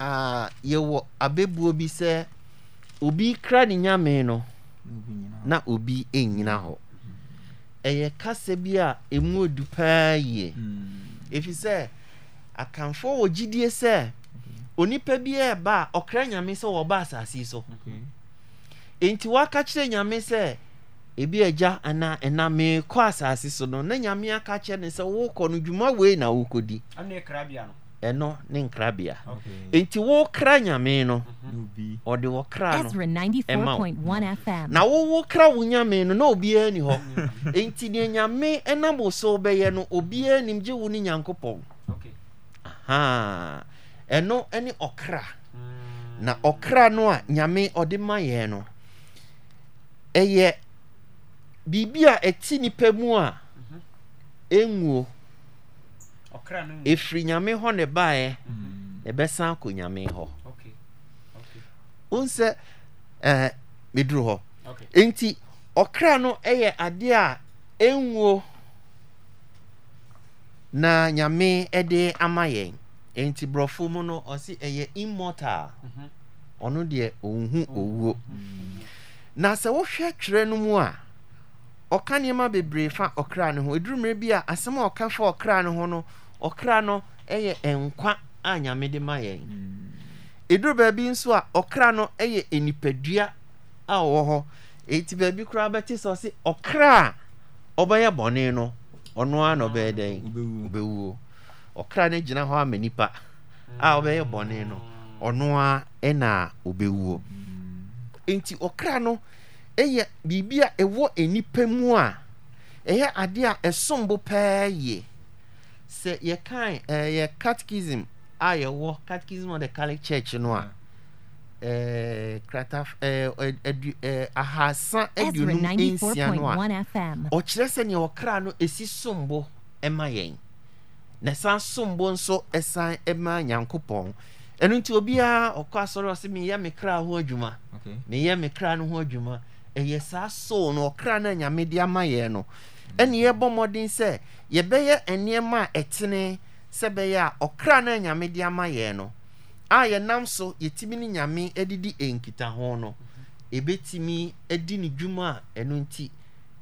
a yɛwɔ abɛbuo bi sɛ obi kra ne nyame no na obi nyina hɔ ɛyɛ kasa bi a ɛmu odu paa yie ɛfiri hmm. sɛ akamfoɔ wɔ gyidie sɛ onipa bi ɛɛba a ɔkra nyame sɛ wɔba asase yi so enti waka kyerɛ nyame sɛ ebi agya anaa ɛna meekɔ asase so no na nyame aka kyerɛ ne sɛ wokɔ no dwuma wei na wokɔdi ɛno ne nkrabea nti wokra nyame no mhm. ɔde wɔkra noma na wowo kra wo nyame no na obiaa ni hɔ nti deɛ nyame ɛnam wo so wobɛyɛ no obiaa nim gye wo ne nyankopɔn ɛno ne ɔkra mm. na ɔkra no a nyame ɔde ma yɛn no ɛyɛ biribi a ɛti nipa mu a mhm. ɛnguo mm -hmm. ɛfiri nyame hɔ ne baeɛ na mm. ɛbɛsan akɔ nyame hɔ wohu eh, sɛ meduru hɔ nti ɔkra no yɛ adeɛ a ɛnwo na nyame de ama yɛn nti borɔfo mu no ɔse ɛyɛ immortal mhm. ɔno deɛ ɔnhu owuo mm. na sɛ wohwɛ twerɛ no mu a ɔka nneɛma bebree fa ɔkra no ho ɛduru mmerɛ bi a asɛm a ɔka fa ɔkra no ho no ɔkra no ɛyɛ nkwa a nyame de ma yɛn hmm. ɛduru baabi nso a ɔkra no yɛ nipadua a ɔwɔ hɔ Eti baabi koraa bɛte sɛ ɔse ɔkra a ɔbɛyɛ bɔne no ɔno a na ɔbɛyɛ dɛn ɔbɛwuo ɔkra no gyina hɔ ama nipa a ɔbɛyɛ bɔne no ɔno a ɛna ɔbɛwuo hmm. nti ɔkra no ɛyɛ biribi a ɛwɔ nipa mu a ɛyɛ adeɛ a ɛsom bo pɛɛ yie sɛ yɛkan ɛyɛ catechism a yɛwɔ catechism of the catholic church no a ɛɛ krata ɛɛ ɛdu ɛɛ ahasa aduonum nsia no a ɔkyerɛ sɛ nea ɔkra no esi sombo ɛma yɛn na san sombo nso ɛsan ɛma nyankopɔn ɛnu nti obiara ɔkɔ asɔre ɔsi mi yɛ mi kra ho adwuma mi yɛ mi kra no ho adwuma ɛyɛ saa soul no ɔkra no nyame de ama yɛn no ɛne yɛbɔ mmɔden sɛ yɛbɛyɛ nneɛma a ɛtene sɛ bɛyɛ a ɔkra no nyame de ama yɛn no a yɛnam so yɛtumi ne nyame adidi nkitaho no ɛbɛtumi adi ne dwuma a ɛno nti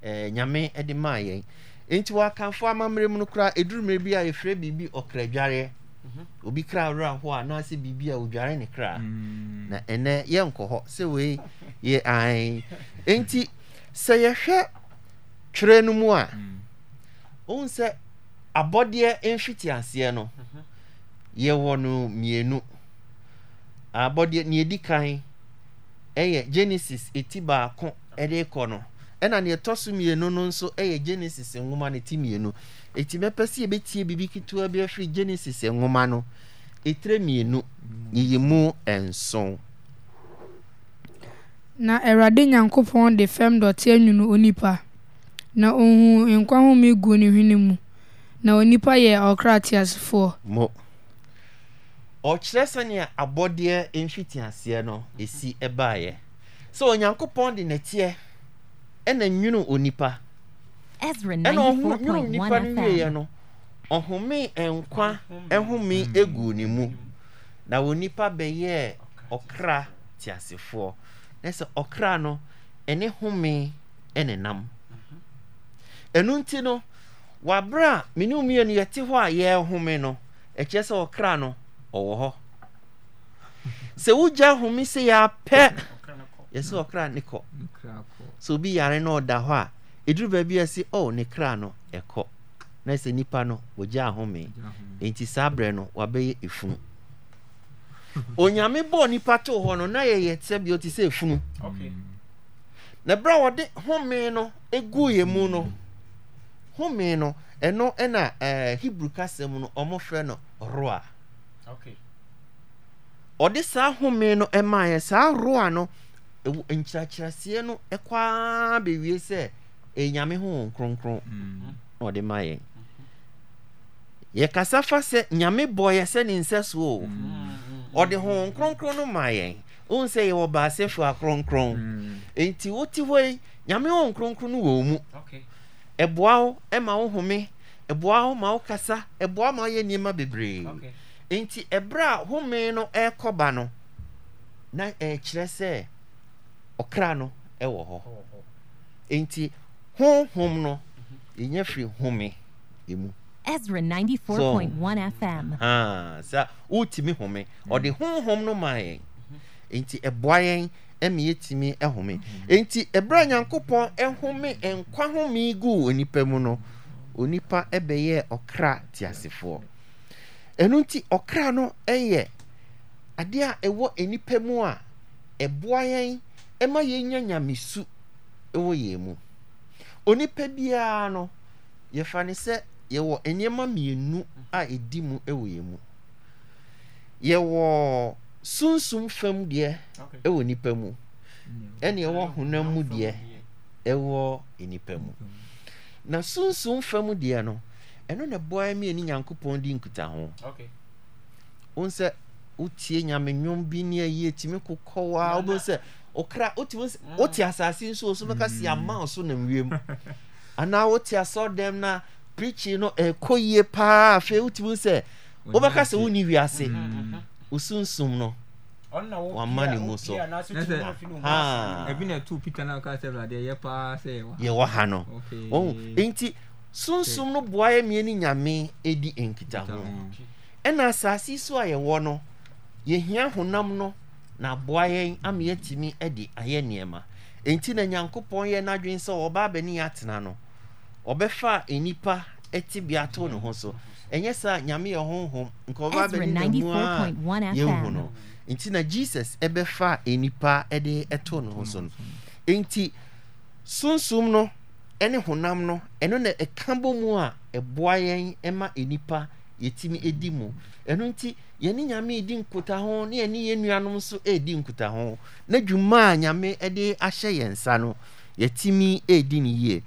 ɛɛ eh, nyame ɛde maa yɛn nti wakanfo amammerɛ mu no koraa ɛduru mmerɛ bi a yɛfrɛ biribi ɔkradwareɛ mhm. obi kra werɛ hɔ a anaasɛ biribi a odware ne kra mm. na ɛnɛ yɛnkɔ hɔ sɛ wei yɛ ae nti sɛ yɛhwɛ twerɛ no mu a ohun mm. sɛ abɔdeɛ mfiti aseɛ no mhm. yɛwɔ no mmienu abɔdeɛ nea edi kan ɛyɛ genesis eti baako ɛde kɔ no ɛna nea ɛtɔ so mmienu no nso ɛyɛ genesis nwoma no ti mmienu eti mɛpɛ si ebetie bibi ketewa bi afiri genesis nwoma no etire mmienu mm. yiyi mu nson. na awurade nyankopɔn de fam dɔte anwunu onipa. na ohuu nkwa home gu ne hwene mu na onipa yɛ ɔkra teasefoɔ mo ɔkyerɛ sɛnea abɔdeɛ nhwiteaseɛ no ɛsi ɛbaeɛ sɛ onyankopɔn de n'atiɛ ɛna nwunu onipa ɛna ɔnwunu nipa no wieɛ no ɔhome nkwa home egu ne mu na onipa bɛyɛɛ ɔkra teasefoɔ na sɛ ɔkra no ɛne home ɛnenam ɛno nti no wabra a mene mmienu yɛte hɔ a yɛrehome no ɛkyerɛ sɛ ɔkra no ɔwɔ hɔ sɛ wogya home sɛ yɛapɛ yɛsɛ ɔkra ne kɔ sɛ obi yare na ɔda hɔ a ɛduru baabi a sɛ oh ne kra no ɛkɔ na sɛ nipa no wɔgya home enti saa berɛ no wabɛyɛ efunu onyame bɔɔ nipa too hɔ no na yɛyɛ tɛ bio te sɛ efunu mm. na berɛ a wɔde home no ɛguu yɛ mu no home no ɛno ɛna ɛɛ eh, hebrew kasɛm no ɔmo frɛ no roa ɔde saa home no ɛmaa yɛ saa roa no ewu nkyerɛkyerɛseɛ no ɛkwaa bewie sɛ enyame ho nkronkron mm-hmm. na ɔde ma yɛn yɛkasa fa sɛ nyame bɔ yɛ sɛ ne nsɛ so o mm-hmm. ɔde ho nkronkron no ma yɛn ohun sɛ yɛwɔ baasɛfo akronkron mm-hmm. nti wote hɔ yi nyame ho nkronkron no wɔ mu. Okay ɛboa wo ɛma wo home ɛboa wo ma wo kasa ɛboa ma woyɛ nneɛma bebree nti ɛberɛ a home no ɛrekɔ ba no na ɛkyerɛ sɛ ɔkra no ɛwɔ hɔ nti honhom no mhm. ɛnyɛ firi home ɛmu Ezra 94.1 so, FM. Ah, sa wotumi home. Ɔde mm. honhom no ma yɛn. Mhm. Nti ɛboa yɛn ɛmi etimi ɛhome nti ɛbrɛ nyankopɔn ɛhome nkwa home gu onipa mu no onipa ɛbɛyɛ ɔkra tiasefoɔ ɛnu nti ɔkra no ɛyɛ adeɛ a ɛwɔ enipa mu a ɛboa yɛn ɛma yɛn nya nyamesu ɛwɔ yɛn mu onipa biara no yɛfa ne sɛ yɛwɔ nneɛma mmienu a ɛdi mu ɛwɔ yɛn mu yɛwɔ. sunsum fam deɛ ɛwɔ nipa mu mm. ɛne ɛwɔ honam mu deɛ ɛwɔ nipa mu na sunsum fam deɛ no ɛno na ɛboa mi ɛne nyankopɔn di nkuta ho wɔn sɛ wotie nyame nwom bi ne ayi etimi kokɔ wa wɔn sɛ okra wotumi mm. sɛ wote asase nso so bɛka si mm. ama so na wiem anaa wote asɔdɛm na preaching no ɛkɔ yie paa afei wotumi sɛ wobɛka sɛ wonni wiase. Mm -hmm. usunsum no wama ne mu so yɛwɔ ha no oh, nti sunsum no boa yɛ mmieni nyame edi nkita ho ɛna asase so a yɛwɔ no yɛhia honam no na aboa yɛn ama yɛtumi de ayɛ nneɛma nti na nyankopɔn yɛ n'adwene sɛ ɔba abɛni atena no ɔbɛfa nnipa tibea to ne ho so mm ɛnyɛ saa nyame yɛ honhom nkɔba bɛne mu a yɛhu no nti na jesus ɛbɛfa nipa de ɛto ne ho so no nti sunsum no ne honam no ɛno na ɛka bɔ mu a ɛboa yɛn ma nipa yɛtumi di mu ɛno nti yɛne nyame di nkutaho ne yɛne yɛn nuanom nso di nkutaho na dwuma a nyame de ahyɛ yɛn nsa no yɛtumi di no yie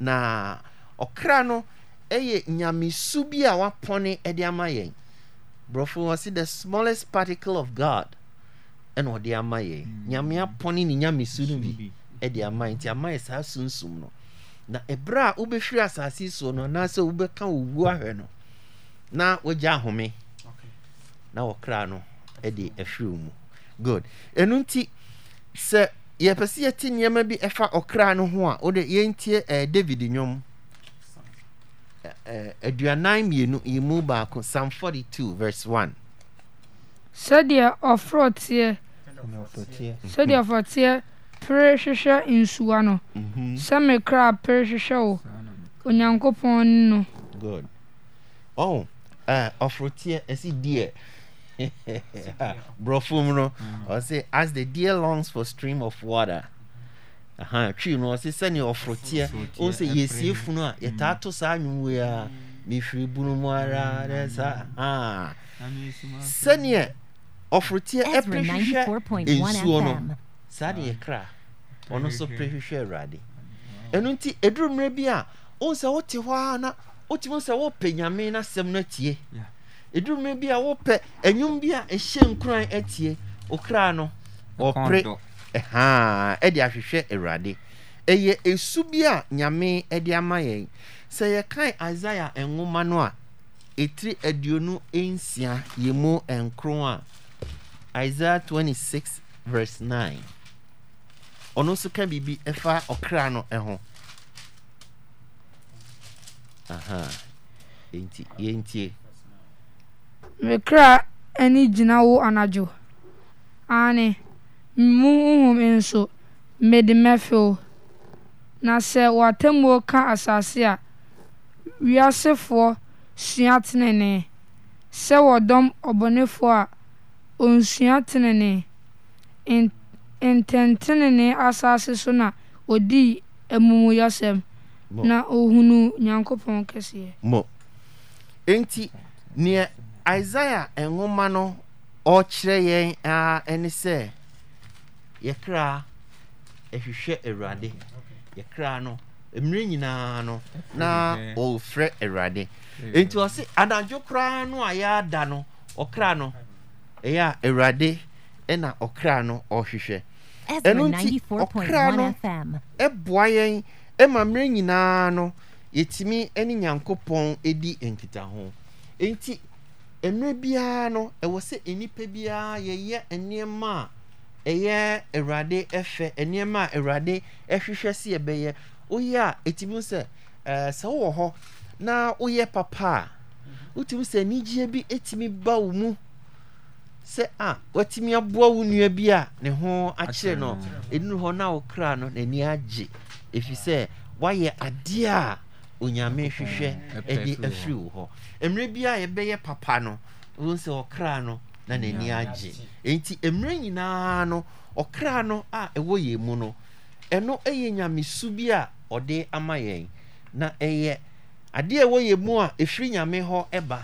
na ɔkra no ɛyɛ nyamesu bi a wapɔne ɛde ama yɛn borɔfo wɔsi the smallest particle of god ɛna ɔde ama yɛn hmm. nyame apɔne ne nyamesu no bi ɛde ama yɛn nti ama yɛ saa sunsum no na ɛberɛ a wobɛhwiri asase soɔ no anaasɛ wobɛka owuo ahwɛ no na wogya ahome na wɔkra no ɛde afiri mu good ɛno nti sɛ yɛpɛ sɛ yɛte nneɛma bi ɛfa ɔkra no ho a wode yɛntie eh, david nnwom Eh, eh, aduanan mmienu yi mu baako psalm forty two verse one. sɛdeɛ ɔforɔ teɛ sɛdeɛ ɔforɔ teɛ pere hwehwɛ nsuwa no mhm. sɛ me kra pere hwehwɛ wo onyankopɔn no. good Oh, ɔn eh, ɔforɔ teɛ ɛsi deɛ. Brofum no, or mm. say, as the deer longs for stream of water, twi no ɔse sɛnea ɔforoteɛ ɔhu sɛ yɛsie funu a yɛtaa to saa nwomwei a mefiri bunu mu ara dɛ saa sɛneɛ ɔforoteɛ ɛpere hwehwɛ nsuo no saa ne yɛkra ɔno so pere hwehwɛ awurade ɛno nti ɛduru mmerɛ bi a wohu sɛ wote hɔ a na wotumi sɛ wopɛ nyame no asɛm no atie ɛduru mmerɛ bi a wopɛ anwum bi a ɛhyɛ nkuran atie okra no ɔpere ɛhaa ɛde ahwehwɛ awurade ɛyɛ esu bi a nyame ɛde ama yɛn sɛ yɛkae isaia nwoma no a ɛtiri aduonu nsia yɛ mu nkron a isaia 26 verse 9 ɔno nso ka biribi ɛfa ɔkra no ɛho yɛntie mekra ani gyina wo anadwo ane mmuhum nso mede mɛfew na sɛ w'atemmuo ka asase a wiasefoɔ sua tenenee sɛ wɔdɔm ɔbɔnefoɔ a ɔnsua tenenee ntɛntenenee asase so na odii amumuyɔsɛm na ohunu nyankopɔn kɛseɛ mo enti neɛ isaia nwoma no ɔkyerɛ yɛn a ɛne sɛ yɛkra ɛhwehwɛ awurade yɛkra no mmerɛ nyinaa no na ɔfrɛ awurade enti ɔse anadwo koraa no a yɛada no ɔkra no ɛyɛ a awurade ɛna ɔkra no ɔhwehwɛ ɛno nti ɔkra no ɛboa yɛn ɛma mmerɛ nyinaa no yɛtumi ne nyankopɔn di nkitaho enti mmerɛ biara no ɛwɔ sɛ nnipa biara yɛyɛ nneɛma a ɛyɛ awurade ɛfɛ nneɛma a awurade ɛhwehwɛ si ɛbɛyɛ woyɛ a ɛtumi sɛ ɛɛ sɛ wowɔ hɔ na woyɛ papa a wotumi sɛ anigyeɛ bi ɛtumi ba wo mu sɛ a watumi aboa wo nua bi a ne ho akyerɛ no ɛduru hɔ na wo no n'ani agye ɛfiri sɛ woayɛ adeɛ a onyame hwehwɛ ɛde afiri wɔ hɔ mmerɛ bi a yɛbɛyɛ papa no wo sɛ ɔkra no na n'ani agye nti mmerɛ nyinaa no ɔkra no a ɛwɔ yɛn mu no ɛno yɛ nyamesu bi a ɔde ama yɛn na ɛyɛ adeɛ ɛwɔ yɛn mu a ɛfiri nyame hɔ ɛba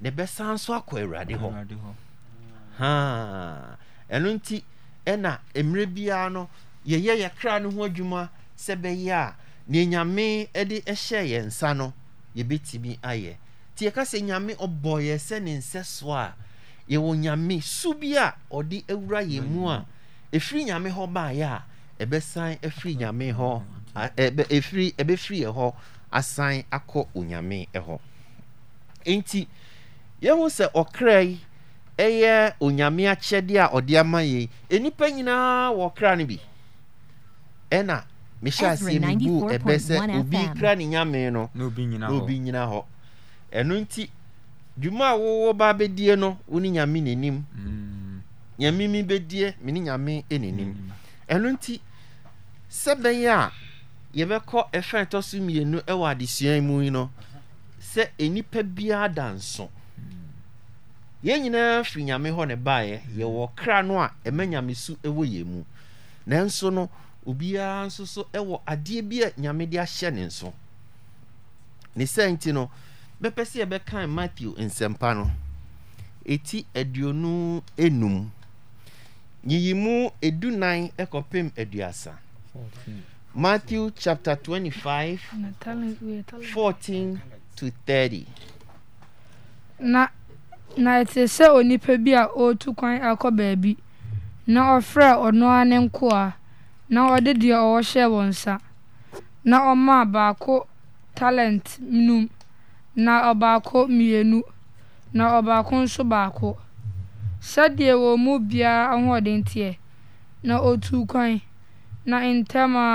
na ɛbɛsan so akɔ awurade hɔ haa ɛno nti ɛna mmerɛ biara no yɛyɛ yɛkra no ho adwuma sɛ bɛyɛ a nea nyame de hyɛ yɛn nsa no yɛbɛtumi ayɛ nti yɛka sɛ nyame ɔbɔ yɛ sɛ ne nsɛ soɔ a yɛwɔ nyame su bi a ɔde awura yɛn mu a ɛfiri nyame hɔ baeɛ a ɛbɛsan afiri nyame hɔ ɛfiri ɛbɛfiri ɛhɔ asan akɔ onyame ɛhɔ nti yɛhu sɛ ɔkra yi ɛyɛ onyame akyɛdeɛ a ɔde ama yɛ nnipa nyinaa wɔ kra no bi ɛna mehyɛ aseɛ mebu ɛbɛ sɛ obi kra ne nyame no na obi nyina hɔ ɛno nti dwuma a wowɔ ba bɛdie no wo ne nyame n'anim mm. nyame mi bɛdie me ne nyame n'anim mm. ɛno nti sɛ bɛyɛ a yɛbɛkɔ ɛfɛn tɔ so mmienu ɛwɔ adesua mu yi no sɛ enipa biara da nso mm. yɛn nyinaa firi nyame hɔ ne baeɛ yɛwɔ kra no a ɛmɛ nyame su ɛwɔ yɛn mu nanso no obiara nso so ɛwɔ adeɛ bi a nyame de ahyɛ ne nso ne sɛ nti no bɛpɛ sɛ yɛbɛkan matthew nsɛmpa no ɛti aduonu enum yiyi mu edunan ɛkɔpem aduasa matthew chapter twenty five fourteen to thirty. na na ɛte sɛ onipa bi a ɔretu kwan akɔ baabi na ɔfrɛ ɔno ara ne nkoa na ɔde deɛ ɔwɔ hyɛɛ wɔn nsa na ɔmaa baako talent num. na ɔbaako mmienu, na ɔbaako nso baako. Sɛdeɛ wɔn mu biara ahoɔden teɛ, na ɔtuu kwan, na ntam a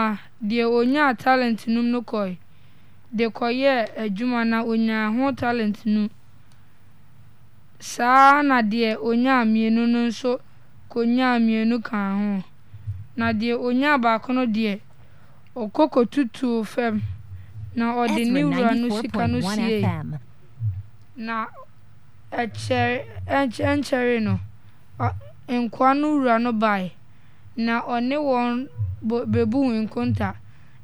deɛ onyaa talent no mu no kɔe, de kɔyɛɛ adwuma na onyaa ho talent no. Saa na deɛ onyaa mmienu no nso konyaa mmienu kaa ho, na deɛ onyaa baako no deɛ, ɔkɔ kɔtutoo fam. na ɔde ne wura no sika no sie na nkyɛre no nkoa no wura no bae na ɔne wɔn bɛbuu nkonta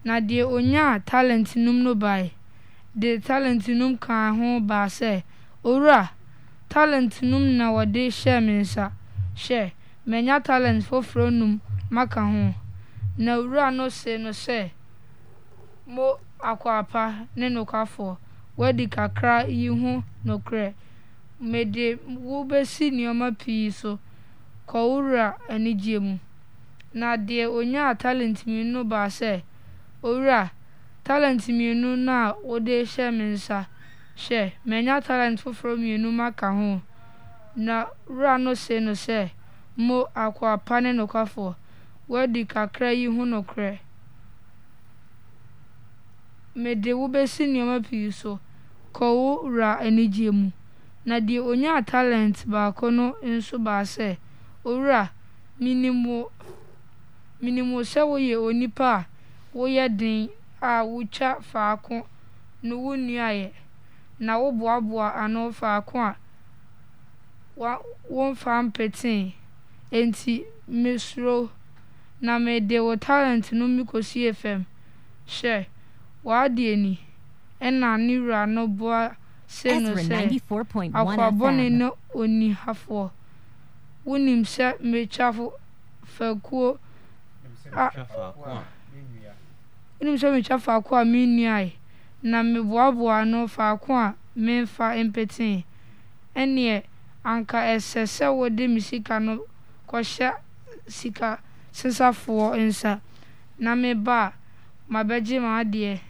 na deɛ onyaa talent num no bae de talent num kaa ho baa sɛ owura talent num na wɔde hyɛɛ me nsa hyɛ manya talent foforɔ num maka ho na owura no se no sɛ mo akwaapa ne nokwafoɔ woadi kakra yi ho nokorɛ mede wobɛsi nneɔma pii so kɔ wo anigye mu na deɛ onyaa talent mmienu no baa sɛ owura talent mmienu no a wode hyɛ me nsa hyɛ manya talent foforɔ mmienu maka ho na wura no se no sɛ mo akwaapa ne nokwafoɔ woadi kakra yi ho nokorɛ mede wo bɛsi nneɛma pii so kɔ wo wura anigye mu na deɛ onyaa talent baako no nso baa sɛ owura minim wo sɛ woyɛ onipa a woyɛ den a wotwa faako no wo nnuaeɛ na woboaboa ano faako a womfa mpetee enti mesuro na mede wo talent no mi kɔsie fam hyɛ waadeɛ ni ɛna ne wura no boa se no sɛ akwabɔne ne onihafoɔ wonim sɛ metwafo fakuo a wonim sɛ metwa faako a me na meboaboa no faako a memfa mpetee ɛneɛ anka ɛsɛ e sɛ wode me sika no kɔhyɛ sika sesafoɔ nsa na meba mabɛgye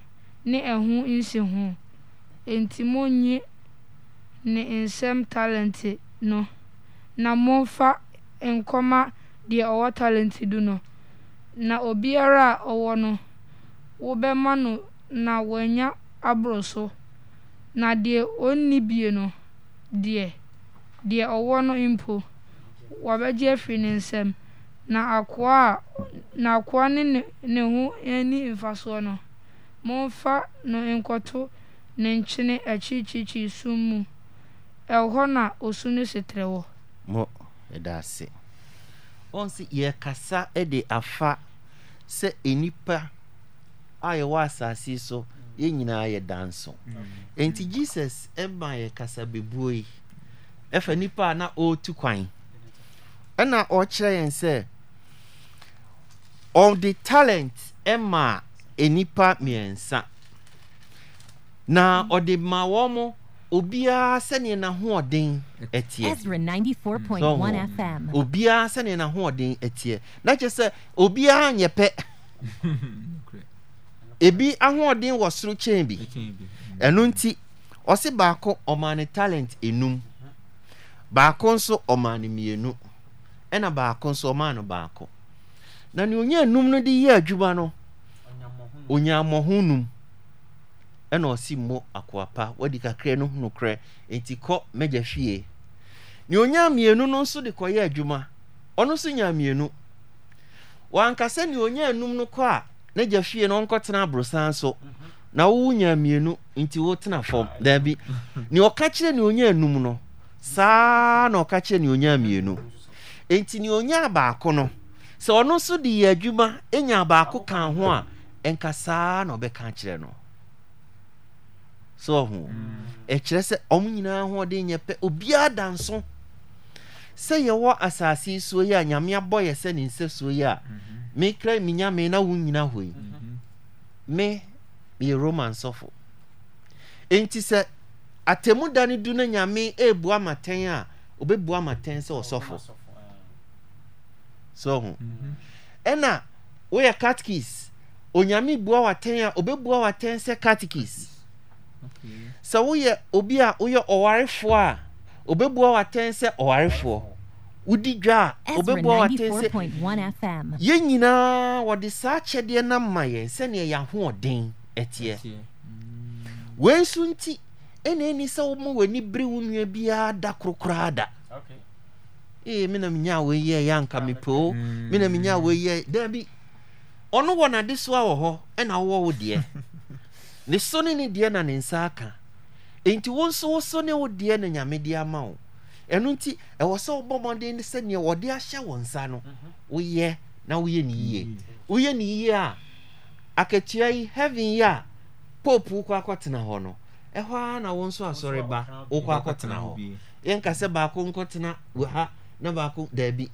ne ɛho nhyɛho enti monnye ne nsɛm talent no na momfa nkɔma deɛ ɔwɔ talent du no na obiara a ɔwɔ no wobɛma no na wanya aboro so na deɛ ɔnni bie no deɛ deɛ ɔwɔ no mpo wabɛgye afiri ne nsam na akoa a na akoa ne ne ho ani mfasoɔ no momfa no nkɔto ne nkyene akyirikyirikyiri sum mu ɛwɔ hɔ na osu no setere wɔ mo ɛda ase wɔn sɛ yɛkasa de afa sɛ nnipa a yɛwɔ asase so yɛn nyinaa yɛ danso nti jesus ma yɛkasa bebuo yi ɛfa nnipa a na ɔretu kwan ɛna ɔrekyerɛ yɛn sɛ ɔde talent ma nnipa mmiɛnsa na ɔde ma wɔn mo obiara sɛnea n'ahoɔden ɛteɛ obiara sɛnea n'ahoɔden ɛteɛ na kyerɛ sɛ obiara nyɛ pɛ ebi ahoɔden wɔ soro kyɛn bi ɛno nti ɔsi baako ɔmaa ne talent enum baako nso ɔmaa ne mmienu ɛna baako nso ɔmaa no baako na nea onye enum no de yɛ adwuma no. onyammɔho num ɛna ɔsi mmɔ akoa pa wadi kakra no ho nokorɛ enti kɔ mɛgya fie nea onya mmienu no nso de kɔyɛ adwuma ɔno nso nya mmienu wankasa nea onya anum no kɔ a n'agya fie no ɔnkɔtena aborosan so mhm. na wowu nya mmienu nti wotena fam daabi nea ɔka kyerɛ nea onya anum no saa na ɔka kyerɛ nea onya mmienu nti nea onya baako no sɛ ɔno nso de yɛ adwuma nya baako kan ho a ɛnka na ɔbɛka kyerɛ no sɛ ɔho mm. ɛkyerɛ sɛ ɔmo nyinaa hoɔden nyɛ pɛ obiara da nso sɛ yɛwɔ asase yi suo yi a nyame abɔ yɛ sɛ ne nsɛ suo yi a mm-hmm. mekra menyame na wo nyina hɔ yi mm-hmm. me meyɛ roman sɔfo enti sɛ atemu da no du no nyame ɛɛbua amaten a ɔbɛbua amaten sɛ ɔsɔfo sɛ ɔho eh. mm-hmm. ɛna woyɛ catkis onyame bua w'atɛn a obɛbua w'atɛn sɛ catechies sɛ woyɛ obi a woyɛ ɔwarefoɔ a obɛbua w'atɛn sɛ ɔwarefoɔ wodi dwa a obɛbua w'atɛn sɛ yɛn nyinaa wɔde saa kyɛdeɛ no ma yɛn sɛneɛ yɛ ɛteɛ mm. wei nso nti ɛna ɛni sɛ woma w'ani bere wo nua biara da korokoraa da ee menam nyaa wei yɛ yɛ anka mepɛ o menam nyaa wei yɛ daabi ɔno wɔ n'adesoa wɔ hɔ ɛna wowɔ wo deɛ ne so ne ne deɛ na ne nsa aka enti wo nso wo so ne wo deɛ na nyame ama wo ɛno nti ɛwɔ sɛ wobɔ mmɔden ne sɛneɛ wɔde ahyɛ wɔ nsa no mhm. woyɛ na woyɛ ne yie mm-hmm. woyɛ ne yie a akatua yi heaven yi a pope wokɔ akɔtena hɔ no ɛhɔ a na wo nso asɔre ba wokɔ akɔtena hɔ yɛnka sɛ baako nkɔtena wɔ ha na baako daabi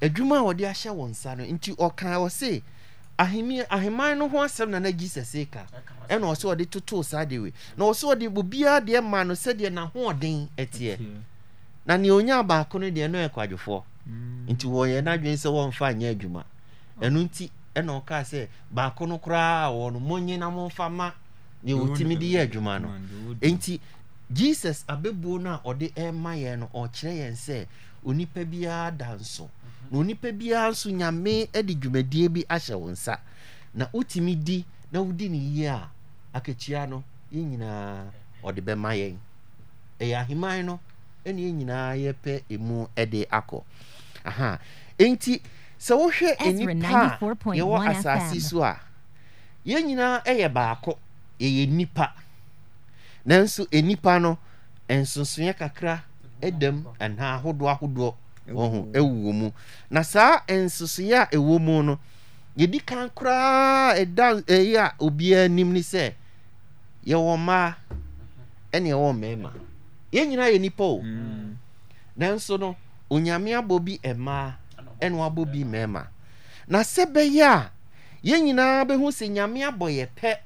adwuma a wɔde ahyɛ wɔn nsa no nti ɔka ɔse aheman no ho asɛm na na jesus ka ɛna ɔsɛ ɔde totoo saa de wei na ɔsɛ ɔde obiara deɛ ma no sɛdeɛ n'ahoɔden ɛteɛ na nea onya baako no deɛ no yɛ kwadwofoɔ mm. nti wɔyɛ n'adwene sɛ wɔmfa nyɛ adwuma ɛno nti ɛna ɔka sɛ baako no koraa wɔ no monye na momfa ma deɛ ɔtumi de yɛ adwuma no nti jesus abɛbuo no a ɔde ɛma yɛn no ɔkyerɛ yɛn sɛ onipa biara da nso onipa biara nsonyame de dwumadee bi ahyɛ wo nsa na wotumi di na wodi ne yie a akakyia no yɛn nyinaa ɔde bɛma yɛn yɛ aheman no neyɛnyinaa yɛpɛ mu de akɔnti sɛ wohwɛ nipayɛwɔ asase so a yɛn nyinaa yɛ baako yyɛ nipa nans nipa no nsonsoeɛ kakra dɛm ɛa ahodoɔahodoɔ wɔn ɛwɔ mu na saa nsosoeɛ a ɛwɔ mu no yɛdi kan koraa ɛda ɛyi a obiara nim ne sɛ yɛwɔ mmaa ɛna yɛwɔ mmarima yɛn nyinaa yɛ nipa o hmm. nanso no onyame abɔ bi mmaa ɛna wabɔ bi mmarima na sɛ bɛyɛ a yɛn nyinaa bɛhu sɛ nyame abɔ yɛ pɛ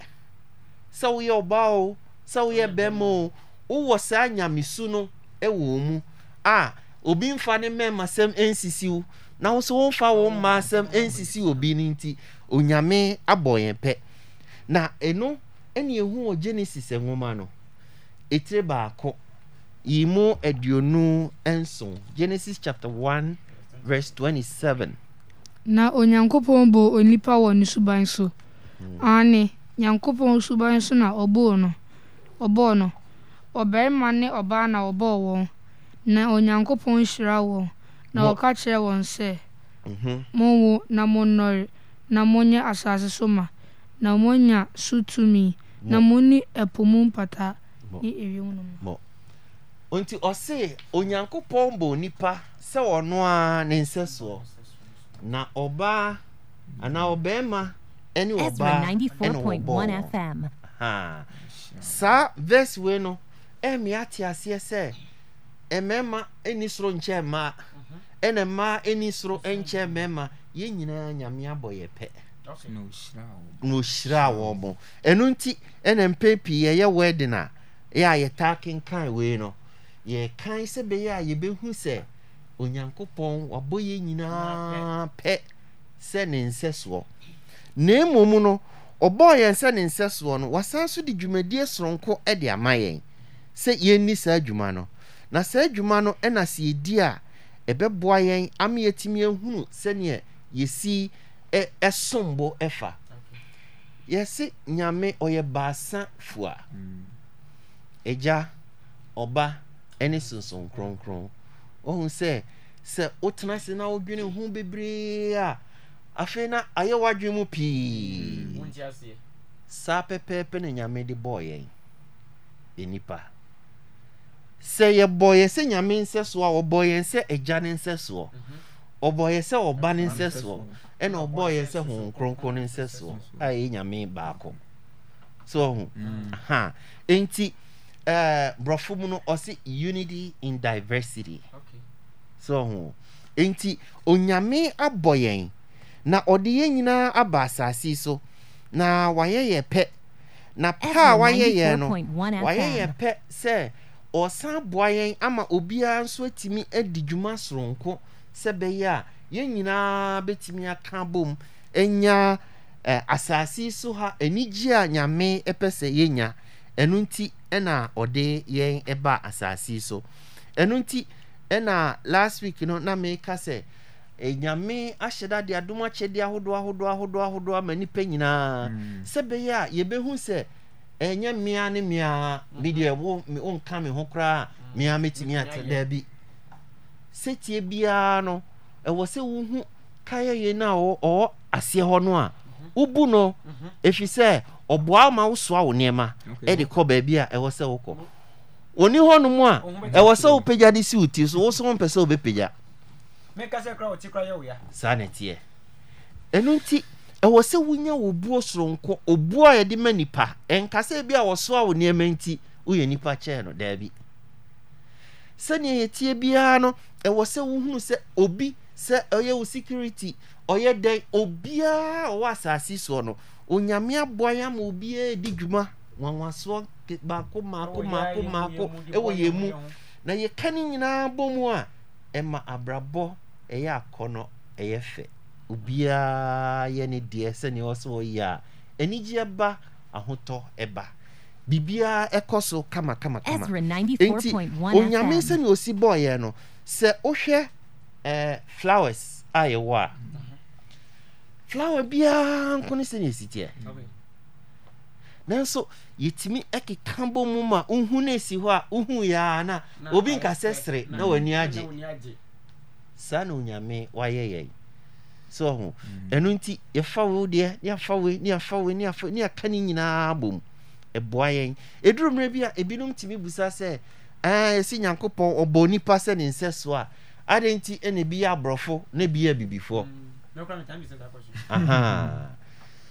sɛ woyɛ ɔbaa o sɛ woyɛ bɛrima o wowɔ saa nyamesu no ɛwɔ mu a ah, obi nfa ne mmɛma sɛm nsisi wo na wo so wo mma asɛm nsisi obi no nti onyame abɔ yɛn pɛ na ɛno ɛne ɛhu wɔ genesis nwoma no ɛtire baako yi mu aduonu nson genesis chapter verse na onyankopɔn bɔ onipa wɔ ne suban so hmm. ane nyankopɔn suban na ɔbɔɔ no ɔbɔɔ no ne ɔbaa na ɔbɔɔ wɔn na onyankopɔn nhyira wɔn na ɔka kyerɛ wɔn sɛ mhm. monwo na monnɔre na monyɛ asase so ma na moanya so tumi na monni ɛpo mu mpataa ne ewiem no mu nti ɔse onyankopɔn bɔ nipa sɛ ɔno a ne nsɛsoɔ na ɔbaa anaa ɔbɛrima ne ɔbaa ɛna wɔbɔ saa verse wei no ɛmmea te aseɛ sɛ mmarima ani soro nkyɛn mmaa ɛna mmaa ani soro nkyɛn mmarima yɛn nyinaa nyame abɔ yɛ pɛ na ɔhyira wɔn mo ɛno nti ɛna mpɛ pii ɛyɛ wedding a ɛyɛ a yɛtaa kenkan wei no yɛkan sɛ bɛyɛ a yɛbɛhu sɛ onyankopɔn wabɔ yɛn nyinaa pɛ sɛ ne nsɛsoɔ na mmom no ɔbɔɔ yɛn sɛ ne nsɛsoɔ no wasan so de dwumadie soronko de ama yɛn sɛ yɛnni saa adwuma no na saa adwuma no ɛna sɛ yɛdi a ɛbɛboa yɛn ama yɛtumi ahunu sɛneɛ yɛsi ɛsom bo ɛfa yɛse nyame ɔyɛ baasa fua agya ɔba ɛne sonson kronkron ɔhu sɛ sɛ wotena ase na wodwene ho bebree a afei na ayɛ w'adwene mu pii saa pɛpɛɛpɛ na nyame de bɔɔ yɛn ɛnipa sɛ yɛbɔ yɛ sɛ nyame nsɛsoɔ a ɔbɔ yɛ sɛ agya ne nsɛsoɔ mhm. ɔbɔ yɛ sɛ ɔba ne nsɛsoɔ ɛna ɔbɔ yɛ sɛ honhom kronkron ne nsɛsoɔ a ɛyɛ nyame baako so ɔho mm. ha nti eh, borɔfo mu no ɔse unity in diversity so ɔho enti onyame abɔ yɛn na ɔde yɛn nyinaa aba asase so na wayɛ yɛ pɛ na pɛ a wayɛ no wayɛ yɛ pɛ sɛ ɔsan aboa yɛn ama obiara nso atumi adi dwuma soronko sɛ bɛyɛ a yɛn nyinaa bɛtumi aka abom enya eh, asase so ha anigye a nyame ɛpɛ sɛ yɛnya ɛno nti ɛna ɔde yɛn ɛba asase so ɛno nti last week no na meka sɛ eh, nyame ahyɛ da de adom akyɛdeɛ ahodoɔ ahodoɔ ahodoɔ ahodoɔ ama nnipa nyinaa hmm. sɛ bɛyɛ a yɛbɛhu sɛ ɛnyɛ mmea ne mmea bi deɛ wo me ho koraa mm-hmm. mmea mɛtumi ate daa bi sɛtie biara no ɛwɔ sɛ wohu kayɛyɛ no a ɔwɔ aseɛ hɔ no a wobu no ɛfiri sɛ ɔboa ma wosoa wo nneɛma ɛde kɔ baabi a ɛwɔ sɛ wokɔ ɔni hɔ nom a ɛwɔ sɛ wopagya de si wo ti so wo so wompɛ sɛ wobɛpagya saa ne teɛ ɛno nti ɛwɔ sɛ wonya wo soronko obuo a yɛde ma nipa ɛnkasa bi a wɔsoa wo nneɛma nti woyɛ nipa kyɛɛ no daabi sɛnea yɛtie biara no ɛwɔ sɛ wohunu sɛ obi sɛ ɔyɛ wo security ɔyɛ dɛn obiara ɔwɔ asase soɔ no onyame aboa yɛ ama obiara di dwuma nwanwasoɔ baako maako maako maako ɛwɔ yɛn mu na yɛka no nyinaa bɔ mu a ɛma abrabɔ ɛyɛ akɔnɔ ɛyɛ fɛ Obiaa yɛ ne deɛ sɛnea ɔsɛ ɔyɛ a anigyeɛ ba ahotɔ ɛba biribiara ɛkɔ so kamakamakama nti onyame sɛnea ɔsi bɔɔyɛ no sɛ wohwɛ eh, flowers a yɛwɔ a flower biara nko ne na ɛsi nanso yɛtumi ɛkeka bɔ mu ma wohu no ɛsi hɔ a wohu yɛa na obi nkasɛ sere na w'ani agye saa na onyame wayɛ so ho mm-hmm. ɛno nti yɛfa wo deɛ ne afa we ne afa we ne afa ne aka ne nyinaa abom mu ɛboa yɛn ɛduru mmerɛ bi a ebinom tumi busa sɛ ɛɛ ɛsi nyankopɔn ɔbɔ nipa sɛ ne nsɛ so a ade nti ɛna ebi yɛ aborɔfo na ebi yɛ abibifoɔ mm.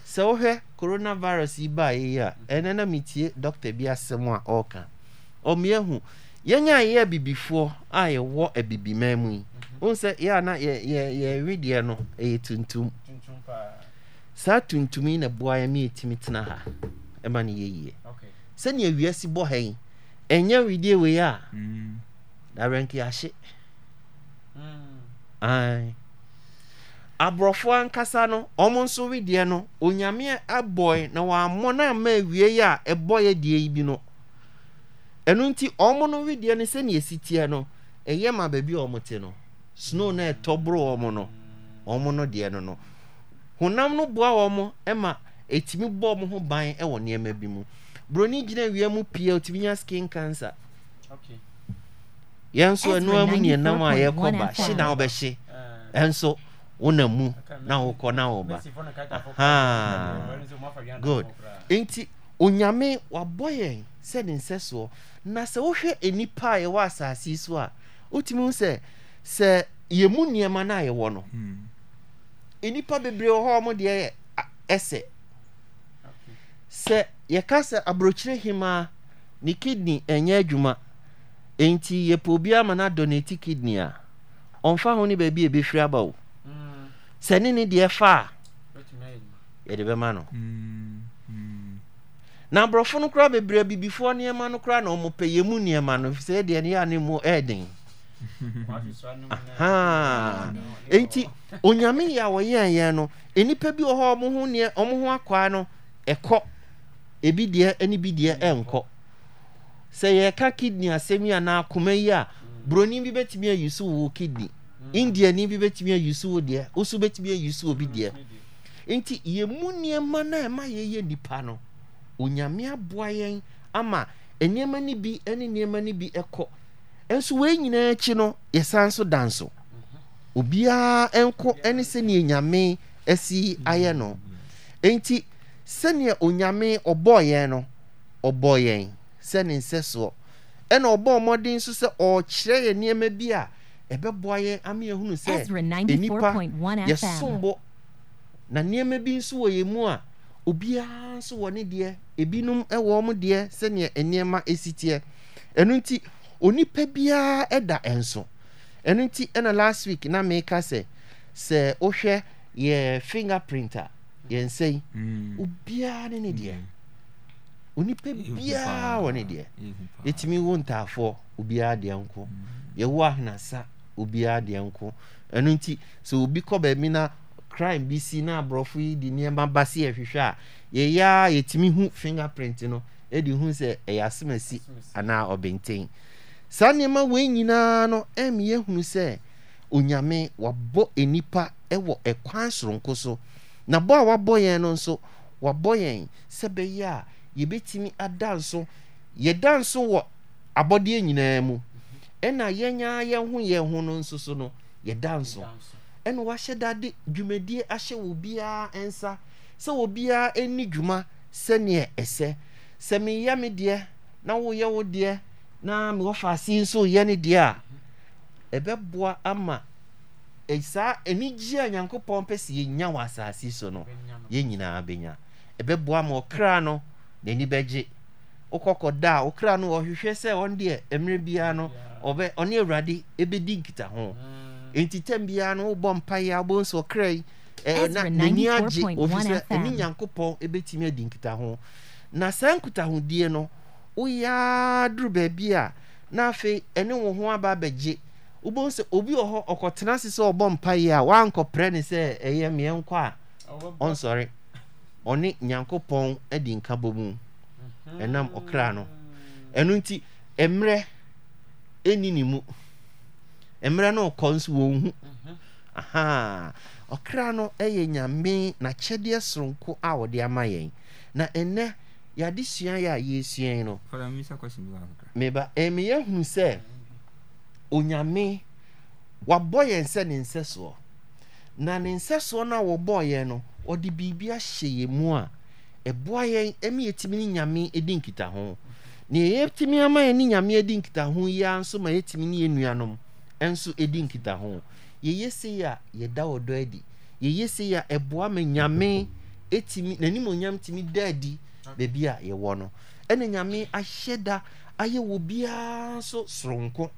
sɛ wohwɛ coronavirus yi baa yi a ɛnɛ na metie dɔkta bi asɛm a ɔreka ɔmo hu yɛn a yɛyɛ abibifoɔ a yɛwɔ abibiman mu yi wohu sɛ yɛ ana yɛwedeɛ no ɛyɛ tuntum saa tuntum yi na boa yɛ me yɛtumi tena ha ɛma no yɛyie sɛnea si bɔ ha yi ɛnyɛ wedeɛ wei a dawerɛnka mm. yɛahye mm. ae aborɔfoɔ ankasa no ɔmo nso wedeɛ no onyame abɔe na wammɔ no ama awie yi a ɛbɔ yɛ deɛ yi bi no ɛno nti ɔmo no wedeɛ no sɛnea ɛsi teɛ no ɛyɛ ma baabi a ɔmo te no snow na ɛtɔ boro wɔn no wɔn no deɛ no no honam no boa wɔn ma ɛtumi bɔ wɔn ho ban wɔ nneɛma bi mu broni gyina wia mu pii a ɔtumi nya skin cancer yɛn nso ɛnua mu nam a yɛkɔ ba hye na ɔbɛhye eh. ɛnso wona mu na wokɔ na woba good nti onyame wabɔ yɛn sɛ ne nsɛsoɔ na sɛ wohwɛ nnipa a yɛwɔ asase so a wotumi sɛ sɛ yɛmu nneɛma no a yɛwɔ no hmm. nnipa bebree wɔ hɔ ɔmo deɛ ɛsɛ sɛ yɛka sɛ aburokyire hemaa ne kidney ɛnyɛ adwuma nti yɛpɛ obi ama no adɔnɛti kidney a ɔmfa ho ne baabi a ɛbɛfiri aba o hmm. sɛ ne ne deɛ fa a yɛde bɛma no hmm. na aborɔfo no koraa bebree abibifoɔ nneɛma no koraa na ɔmopɛ yɛ mu nneɛma no sɛ deɛ ne yɛ a mu ɛɛden enti onyame yɛ a wɔyɛn yɛn no nnipa bi wɔ hɔ ɔmo ho neɛ ɔmo ho akwaa no ɛkɔ ebi deɛ ɛne bi deɛ ɛnkɔ sɛ yɛka kidney asɛm yi anaa akoma yi a buroni bi bɛtumi ayi so wɔ kidney indiani bi bɛtumi ayi so wɔ deɛ osu bɛtumi ayi so wɔ bi deɛ nti yɛn mu nneɛma na ɛma yɛyɛ nipa no onyame aboa yɛn ama nneɛma no bi ne nneɛma ni bi ɛkɔ. nso wei nyinaa akyi no yɛsan so da nso obiara nko ne sɛnea nyame asi ayɛ no nti sɛnea onyame ɔbɔ yɛn no ɔbɔ yɛn sɛ ne nsɛsoɔ ɛna ɔbɔ mmɔden nso sɛ ɔrekyerɛ yɛ nneɛma bi a ɛbɛboa yɛn ama yɛhunu sɛ nnipa yɛsombɔ na nneɛma bi nso wɔ yɛn mu a obiara nso wɔ ne deɛ ebinom wɔ ɔmo deɛ sɛnea nneɛma si teɛ ɛno nti onipa biara ɛda nso ɛno nti ɛna last week na meka sɛ sɛ wohwɛ yɛ finger printer yɛn nsa yi mm. obiara ne ne deɛ mm. onipa biara wɔ ne deɛ yɛtumi wo ntaafoɔ obiara deɛ nko mm. yɛwo ahenasa obiara deɛ nko ɛno nti sɛ obi kɔ baabi na crime bi si na aborɔfo yi de nneɛma ba si ɛhwehwɛ a yɛyɛ a yɛtumi hu finger print no ɛde hu sɛ ɛyɛ asomasi anaa ɔbɛnten saa nneɛma wei nyinaa no ɛmiyɛ hunu sɛ onyame wabɔ enipa ɛwɔ ɛkwan soronko so na bɔ a wabɔ yɛn no nso wabɔ yɛn sɛ bɛyɛ a yɛbɛtumi ada nso yɛda nso wɔ abɔdeɛ nyinaa mu ɛna yɛnyaa yɛn ho yɛn ho no nso so no yɛda nso ɛna wahyɛ dade dwumadie ahyɛ wɔ biara nsa sɛ obiara biara ani dwuma sɛneɛ ɛsɛ sɛ meyɛ me deɛ na woyɛ wo deɛ na mewɔ faase yi nso yɛ ne deɛ a ɛbɛboa ama saa anigye a nyankopɔn pɛ sɛ yɛnya wɔ asase so no yɛn nyinaa bɛnya ɛbɛboa ma ɔkra no n'ani bɛgye wokɔkɔda a ɔkra no ɔhwehwɛ sɛ ɔn deɛ mmerɛ biara no ɔbɛ ɔne awurade ɛbɛdi nkita ho mm. enti tam biara no wobɔ mpaeɛ a wobɛhu sɛ ɔkra yi n'ani agye ɔfiri sɛ ɛne nyankopɔn ɛbɛtumi adi nkita ho na saa nkitahodie no woyɛ a duru baabi a na afei ɛne wo ho aba abɛgye wobɛhu sɛ obi wɔ hɔ ɔkɔtena se ɔbɔ mpa yi a woankɔprɛ ne sɛ ɛyɛ mmeɛ nkɔ a ɔnsɔre ɔne nyankopɔn adi nka bɔ mu mhm. ɛnam ɔkra no ɛno nti mmerɛ ɛni ne mu mmerɛ no ɔkɔ nso wɔn hu mhm. aha ɔkra no ɛyɛ nyame n'akyɛdeɛ soronko a wɔde ama yɛn na ɛnɛ yɛade sua yɛ a yɛsua no meba ɛmeyɛ eh, hunu sɛ onyame wabɔ yɛn sɛ ne nsɛsoɔ na ne nsɛsoɔ no a wɔbɔɔ yɛn no ɔde biribi ahyɛ yɛn mu a ɛboa yɛn ɛmi eh, yɛtumi ne nyame ɛdi nkitaho nea yɛtumi ama yɛn ne nyame ɛdi nkitaho yi ara nso ma yɛtumi ne yɛn nuanom ɛnso ɛdi nkitaho yɛyɛ se yɛ a yɛda wɔ dɔ adi yɛyɛ se yɛ a ɛboa ma nyame ɛtumi da adi baabi a yɛwɔ no ɛna nyame ahyɛ da ayɛ wɔ biara nso soronko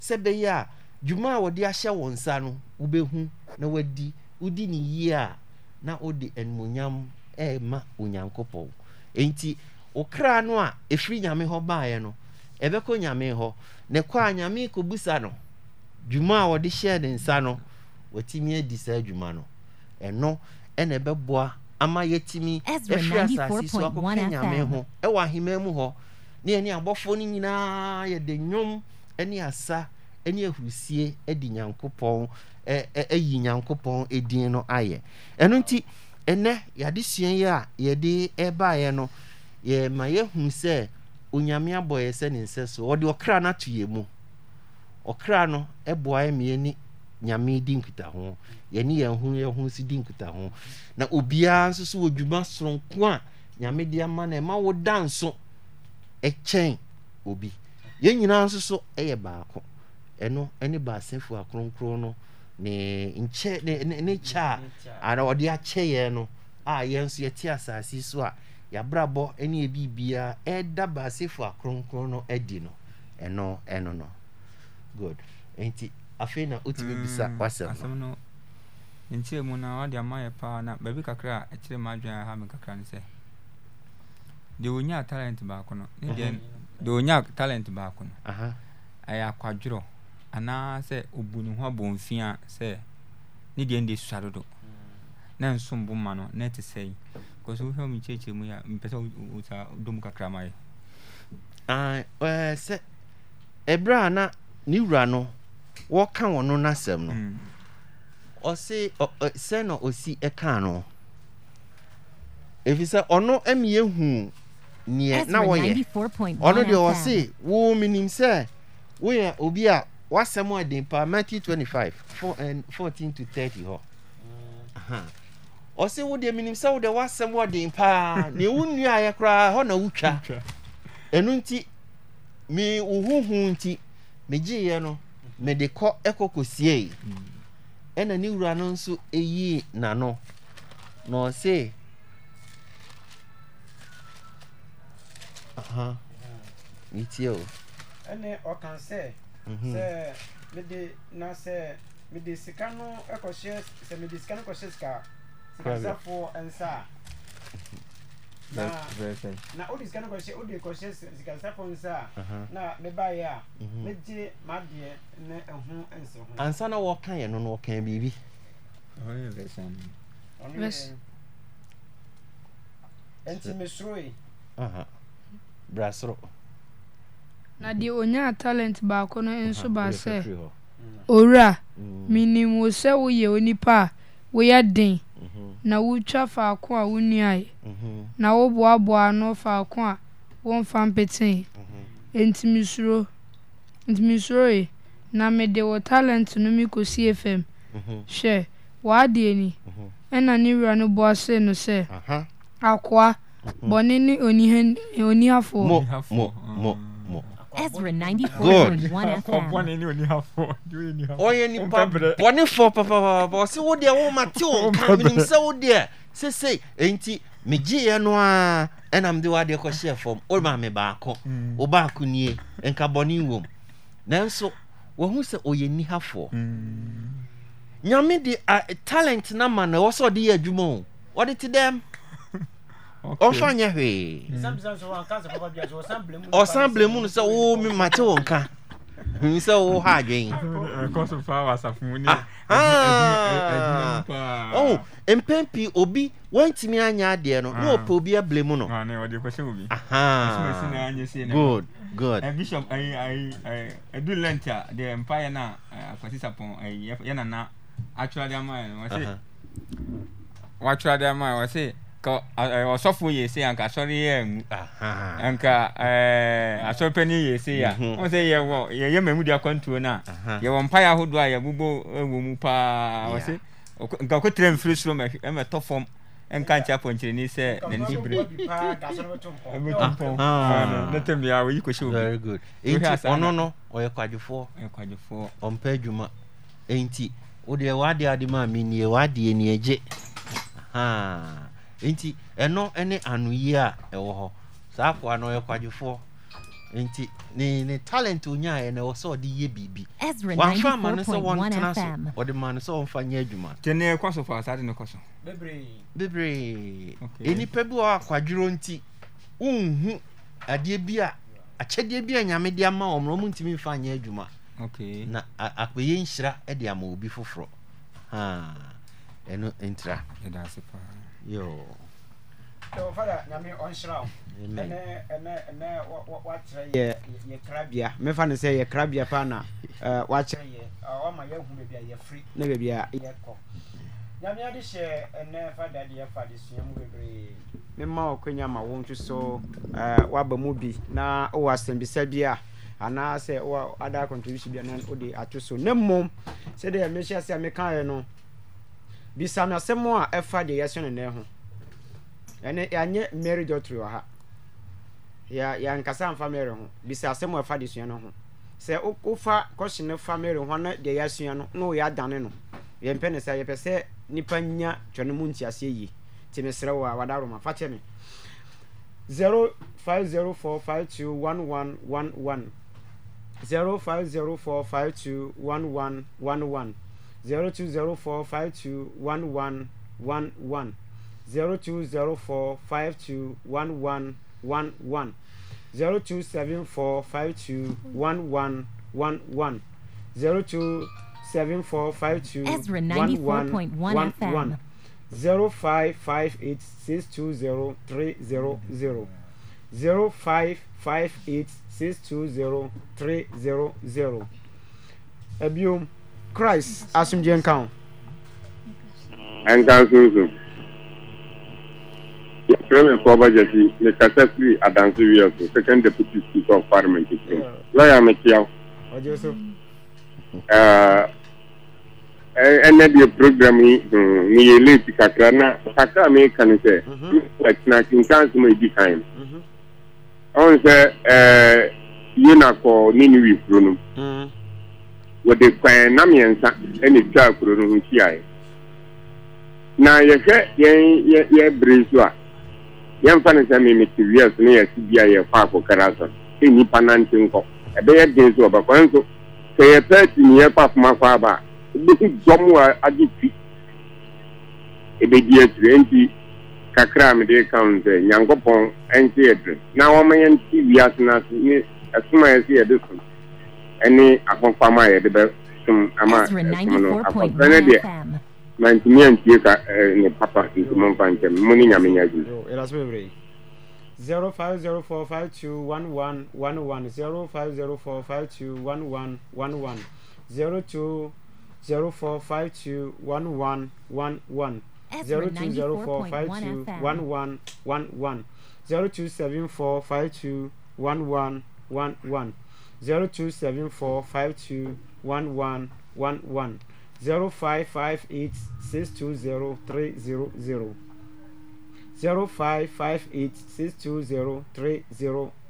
sɛ bɛyɛ a dwuma a wɔde ahyɛ wɔn nsa no wobɛhu na wadi wodi ne yie a na wode animonyam ɛrema onyankopɔn enti okra no a ɛfiri nyame hɔ baeɛ no ɛbɛkɔ nyame hɔ na ɛkɔ a nyame kɔbusa no dwuma a wɔde hyɛɛ ne nsa no watumi adi saa adwuma no ɛno ɛna ɛbɛboa ama yɛtumi ɛfiri asase so akɔka nyame ho ɛwɔ ahema mu hɔ ne ɛne abɔfoɔ no nyinaa yɛde nnwom ne asa ne ahurusie di nyankopɔn ayi nyankopɔn din no ayɛ ɛno nti ɛnɛ yɛade sua yi a yɛde ɛbaeɛ no yɛma yɛhunu sɛ onyame abɔ yɛ sɛ ne nsɛ so ɔde ɔkra no ato yɛ mu ɔkra no ɛboa yɛ mmieni nyame di nkuta ho yɛne yɛn ho yɛn ho si di nkuta na obiara nso so wɔ dwuma soronko a nyame de ama na ɛma wo da nso ɛkyɛn obi yɛn nyinaa nso so ɛyɛ baako ɛno ɛne baasɛfo akronkron no ne nkyɛ ne ne ne kyɛ a ara ɔde akyɛ yɛn no a yɛn nso yɛte asase so a yɛabrabɔ ɛne ebi biara ɛda baasɛfo akronkron no ɛdi no ɛno ɛno no good nti. afei na wotumi bisa hmm, wasɛmasɛm no nkyerɛ mu nowde mayɛ pa babi kakra kyerem'dwemkaasɛa ɛa talent baako no mhm. ɛyɛ akwadworɛ anaasɛ ɔbu ne ho bɔfia sɛne deɛ de sa dodo na nsomboma no nate sɛ swkyeɛkyerɛmupɛsɛ kakraɛberɛananewra ah, no wɔka wɔn n'asɛm no mm. ɔsi sɛ na osi ɛka no efisɛ ɔno ɛmi ehu neɛ na wɔyɛ ɔno deɛ ɔsi wo minim sɛ woyɛ obi a wasɛm a den pa Matthew twenty five eh, fourteen to thirty hɔ ɔsi wo deɛ minim sɛ wo deɛ wasɛm a den paa na ewu nnua ayɛ koraa hɔ na wutwa ɛnu nti mi wo huhu nti mi gye yɛ no mede kɔ ɛkɔ kɔsiei hmm. ɛna ne wura no nso ɛyii n'ano na ɔse aha metie o ɛne ɔka sɛ mhm. sɛ mede na sɛ mede sika no ɛkɔhyɛ sɛ mede sika no kɔhyɛ sika sikasafoɔ nsa a mhm na wode sika no kɔhyɛ wode kɔhyɛ sikasafo nsa a uh-huh. na mebaeɛ a megye mm-hmm. madeɛ ne ɛho nse ho ansa na wɔka yɛ no no wɔka biribi ɛnti mesoroe bra soro na deɛ ɔnyaa talent baako no nso baa sɛ owura menim wo sɛ woyɛ onipa a woyɛ den na wotwa faako a wonuae na woboaboa ano faako a wɔmfa mpetee enti mesuro enti mesuroe na mede wɔ talent no me kɔsie fam hwɛ w'adeɛ ni ɛna ne wura no boa see no sɛ akoa mhm. bɔne ne onihafoɔ Ezra 94.1 FM. One any when you have four. Do you have? Oh, any papa. One for papa. Boss, you would dear woman too. Come in, so dear. Say, say, ain't he? Me gee no a ɛna mede wadeɛ kɔhyɛɛ fam wo maame baako wo baako nie nka bɔne wom nanso wahu sɛ ɔyɛ nnihafoɔ nyame de uh, talent na ma no ɛwɔ sɛ ɔde yɛ adwuma o ɔde te ɔmfa nyɛ hwee ɔsan mu no sɛ wo me mate wo nka hu sɛ wo ha adwen ɔhu mpɛn pii obi wantumi anya adeɛ no na ɔpɛ obi ablɛ mu no good good bishop ɛdu lent a deɛ mpayɛ no a akwasisapɔn yɛnana atwerɛ de ama ɛ no wɔse watwerɛ de ama ɛ ka ɔsɔfo yɛ se anka asɔre yɛ ngu anka e, asɔrepɛni yɛ se ya wɔn mhm. sɛ yɛwɔ yɛyɛ mɛmudi akɔntuo na, a yɛwɔ mpaeɛ ahodoɔ a yɛbobɔ e, wɔ mu paa ɔse nka kotire mfiri soro mɛtɔ e, fam nka nkyɛ apɔnkyerɛni sɛ n'ani so bere ne tɛm bia wɔyi kɔhyɛ obi nti ɔno no ɔyɛ kwadwofoɔ kwadwofoɔ ɔmpɛ adwuma nti wodeɛ waadeɛ ade ma a mennie waadeɛ niagye nti ɛno ne anoyi a ɛwɔ hɔ saa akoa no ɔyɛ kwadwofoɔ nti ne ne talent onyaeɛ no ɛwɔ sɛ ɔde yɛ biribi wamfa ama no sɛ wɔntena so ɔde ma no sɛ ɔmfa nyɛ adwuma kyɛne ɛkɔ so faa saa de no kɔ so bebree nnipa bi wɔ akwadworɔ nti wonhu adeɛ bi a akyɛdeɛ bi a nyame de ama wɔn wɔn ntumi nfa nyɛ adwuma na akɔyɛ nhyira de ama obi foforɔ ɛno ntra mfa no sɛ yɛ krabia pana wakyerɛ yɛn iaɛ me ma okanyaama wɔ tu so waba mu bi na owɔ asɛmbisa bi a anaasɛ wada cntibutn bian wode ato so ne mmom sɛde mehyɛ sɛ mekaɛ no bisa mi asɛm a ɛfa deɛ yɛsɛ ne nan ho ɛne yɛanyɛ mary dɔtore wɔ ha yɛ yɛankasa mfa mary ho bisa asɛm a ɛfa deɛ sua no ho sɛ wofa kɔhye ne fa mary ho na deɛ yɛasua no na woyɛ adane no yɛmpɛ ne sɛ yɛpɛ sɛ nnipa nya twɛne mu ntiaseɛ yie nti mesrɛ wo a wada roma fa kyɛ me 0504521111 0504521111 0204521111 0204521111 Ezra 94.1 FM 0558620300 0558620300 Ebiom christ asomdwe nka ho ɛnka nsonso yɛfrɛ me kɔ bagyati mekasa firi adanse wiɛ so second deputy speaker of parliament krom lɔya mekeaw ɛnɛ deɛ program yi meyɛ late kakra na kakra meka no sɛ atena kenka nsɛm a ɛdi kan no ɔhu sɛ yena kɔ ne ne wifuro no wɔde kwan na mmiɛnsa na etwa kuro no ho hyiaeɛ na yɛhwɛ yɛn yɛ yɛbere so a yɛmfa no sɛ mimiti wiɛ so no yɛsi bi a yɛkɔ akokara so sɛ nnipa nante nkɔ ɛbɛyɛ den so ɔbɛkɔ nso sɛ yɛpɛ ati ne yɛkɔ afoma kɔ aba a ebi dɔm wɔ agye fi ebedi akyire nti kakra a mede ka ho sɛ nyankopɔn ɛnhyɛ yɛ na wɔma yɛnte wiase no ase ne ɛsom a yɛde so no ɛne akɔnfam a yɛde bɛ som ama ɛsom no akɔnfam ne deɛ mantumi antie ka ne papa nti mo mfa nkyɛm ne nyame nya bi. zero five zero four five two one one one one zero five zero four five two one one one one zero two zero four five two one one one one zero two zero four five two one one one one zero two seven four five two one one one one. Zero zero zero zero zero zero two two two seven four five five five five one one one one eight six three 0274521111 0558620300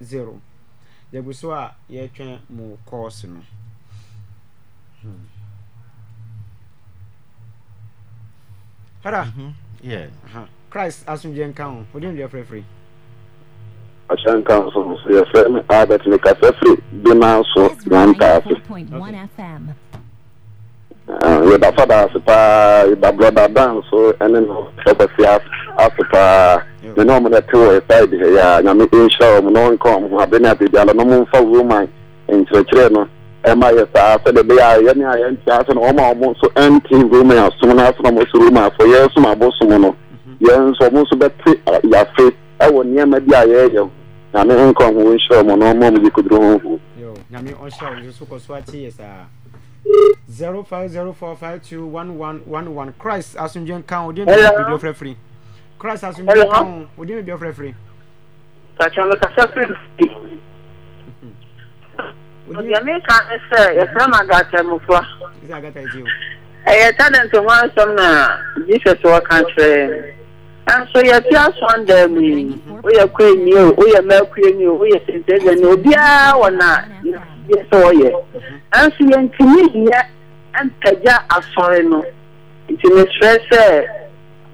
0558620300 yɛgu so a yɛtwɛn mo kɔɔse no hmm. hara mm -hmm. yeah. uh -huh. christ asomdwe nka ho wode ndeɛ frɛfrɛ ahyɛnka nso no so yɛfrɛ me albert ne kasa firi bima so nantaase yɛba fada ase paa yɛba brɔda dan so ɛne no sɛkɔsi ase paa me ne ɔmo no ɛte wɔ side hɛ yɛ a nyame ɛnhyira ɔmo na ɔnka ɔmo ho abɛ ne abibiala na ɔmo mfa woman nkyerɛkyerɛ no ɛma yɛ saa sɛdeɛ ɛbɛyɛ a yɛne a yɛnte ase no ɔma ɔmo nso ɛnte woman asom no ase na ɔmo so romanfoɔ yɛnsom abosom no yɛn nso ɔmo nso bɛte yafe ɛwɔ nneɛma bi a yɛreyɛ nyame nkɔ ho nhyɛ ɔmo na ɔma ɔmo de koduro ho ho nyame ɔhyɛ wo nso kɔ so akye yɛ saa 0504521111 christ asomdwe nka wo de mbibia ɔfrɛ firi christ asomdwe nka wo wo de mbibia ɔfrɛ firi kakyɛ mekasa firi firi deɛ meka ne sɛ yɛfrɛ ma gatamufoa ɛyɛ talent ho asɛm na jesus wɔka kyerɛ nso yɛfi asɔndɛm yi o woyɛ kwenyi o woyɛ mɛkwenyi o woyɛ sentɛgɛni obiara wɔ na yɛ sɛ ɔyɛ nso yɛntumi nyɛ mpagya asɔre no nti mesrɛ sɛ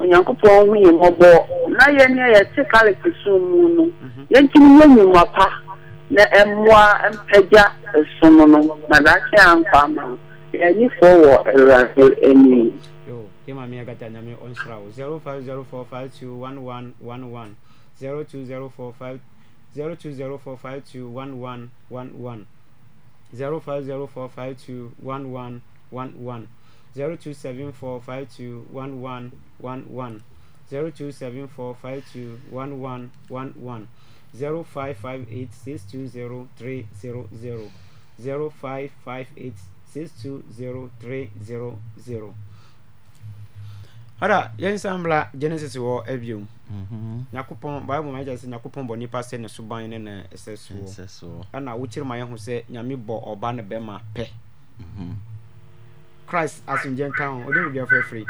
onyankopɔn ho yɛ mmɔbɔ na yɛneɛ yɛte kaliki som mu no yɛntumi yɛ nyimwa pa na mmoa mpagya som no na daakye ankɔ ama yɛanifoɔ wɔ awurade anim kema mi agata nyame ɔnsra wo 0504521111 020452 0204521111 0504521111 0274521111 0274521111 0558620300 0558620300 ara yɛnsan mbra genesis wɔ abiom mhm. nyankopɔn bible ma yɛkyerɛ sɛ nyankopɔn bɔ nipa sɛ ne suban ne ne ɛsɛ soɔ ɛna wokyerɛ ma yɛho sɛ nyame bɔ ɔba ne bɛma pɛ mhm. christ asomgye nka ho frɛfiri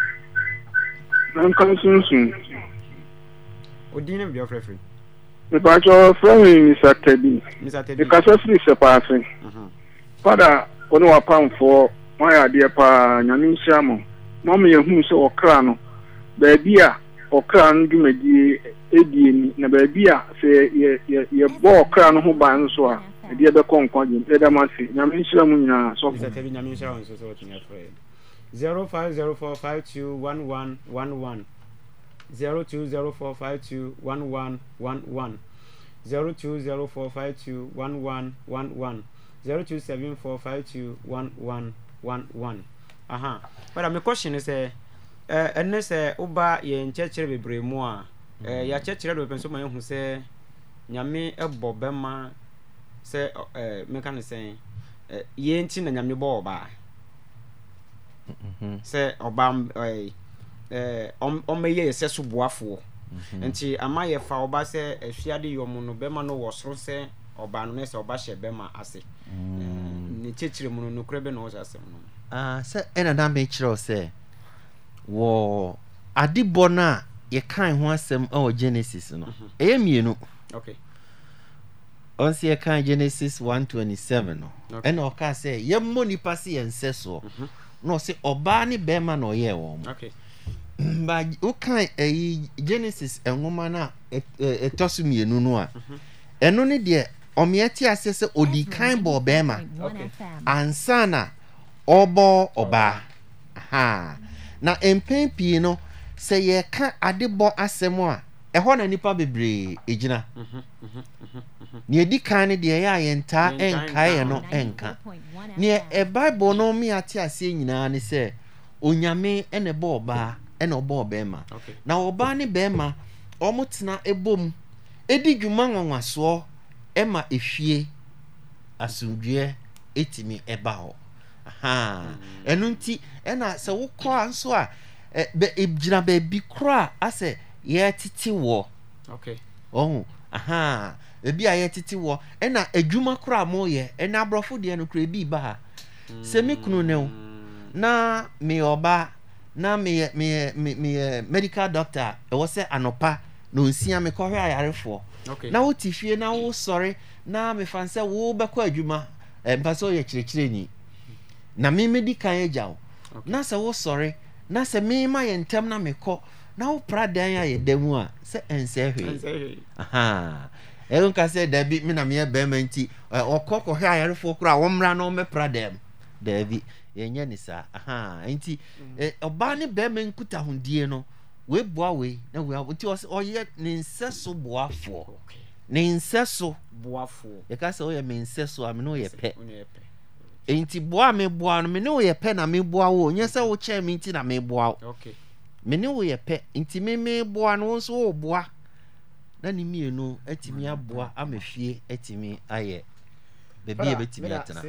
nka sunsun ne frɛfiri mepakyɛ me mekasa firi mhm. fada wapamfoɔ moayɛ paa nyame nhyia mo ma sɛ no baabi a ɔkra no dwumadie edie ni na baabi a sɛ yɛ yɛ yɛbɔ ɔkra no ho ban nso a ɛdeɛ bɛkɔ nkwagye ɛda mu ase nyame nhyira mu nyinaa sɔfo. zero five zero four five two one one one one zero two zero four five two one one one one zero two zero four five two one one one one zero two seven four five two one one one one aha wɛrɛ mi kɔsi sɛ. ɛne sɛ woba yɛ nkyerɛkyerɛ bebree mu a mm. yɛakyerɛkyerɛ do bɛpɛ nso ma yɛhu sɛ nyame bɔ bɛma sɛ meka no sɛn yɛ nti na nyame bɔ ɔbaa mm-hmm. sɛ ɔbaa ɔmmɛyɛ yɛ sɛ so boafoɔ mm-hmm. nti ama yɛfa ɔba sɛ afiade yɔ mu no bɛma no wɔ soro sɛ ɔbaa no sɛ ɔba hyɛ bɛma ase mm. ne kyɛkyerɛ mu no nokorɛ bɛ na ɔhyɛ asɛm no sɛ ɛna mekyerɛw sɛ wɔ adebɔ no a yɛkan ho asɛm ɛwɔ genesis no mhm. ɛyɛ mmienu ɔn sɛ yɛkan genesis 127 no ɛna ɔka sɛ yɛmmɔ nnipa se yɛn nsɛ soɔ mhm. na ɔse ɔbaa ne bɛrima na ɔyɛɛ wɔn ba wokan ɛyi genesis nwoma no a ɛtɔ so mmienu no a mhm. ɛno ne deɛ ɔmeɛ te aseɛ sɛ ɔdi kan bɔɔ bɛrima ansa na ɔbɔɔ ɔbaa na mpɛn pii no sɛ yɛka adebɔ asɛm a ɛhɔ na nipa bebree egyina nea edi kan no deɛ ɛyɛ a yɛntaa ɛnkae yɛ no ɛnka nea ɛbaibul no mi ate aseɛ nyinaa ne sɛ onyame ɛna ɛbɔ ɔbaa ɛna ɔbɔ ɔbɛrima na ɔbaa ne bɛrima wɔn tena ebom edi dwuma nwanwasoɔ ɛma efie asomdue etimi ɛba hɔ. Mm. ɛnu nti ɛna sɛ wokɔa nso a gyina baabi kora asɛ yɛtete wɔ ɔhu aha ebi a yɛtete wɔ ɛna edwuma kora a moyɛ ɛna aborɔfo deɛ no kura ebi ba ha sɛ me kunu ne wo mm. na meyɛ ɔba na meyɛ meyɛ meyɛ medical doctor ɛwɔ sɛ anɔpa na onsia me kɔhwɛ ayarefoɔ na wote fie na wosɔre na mefa sɛ wobɛkɔ edwuma ɛmpa sɛ ɔyɛ kyerɛkyerɛni na memedi kan agya wo okay. na sɛ wosɔre na sɛ mema yɛ ntɛm na mekɔ na wopra dan a yɛda mu a sɛ ɛnsɛ hwee ɛno nka sɛ daabi me na meyɛ bɛrima nti ɔkɔ kɔhwɛ ayarefoɔ koraa wɔmmra na ɔmmɛpra dam daabi yɛnyɛ ne saa nti mm. ɔbaa ne bɛrima nkutahondie no weboa wei na wei nti ɔyɛ ne nsɛ so boafoɔ ne nsɛ so boafoɔ yɛka sɛ woyɛ me nsɛ so a me ne woyɛ pɛ nti boa me boa no mene woyɛ pɛ na meboa wo nyɛ sɛ wokyɛɛ me nti na meboa wo mene woyɛ pɛ nti me meboa no wo nso woboa na ne mmienu atumi aboa ama fie atumi ayɛ baabi a bɛtumi atena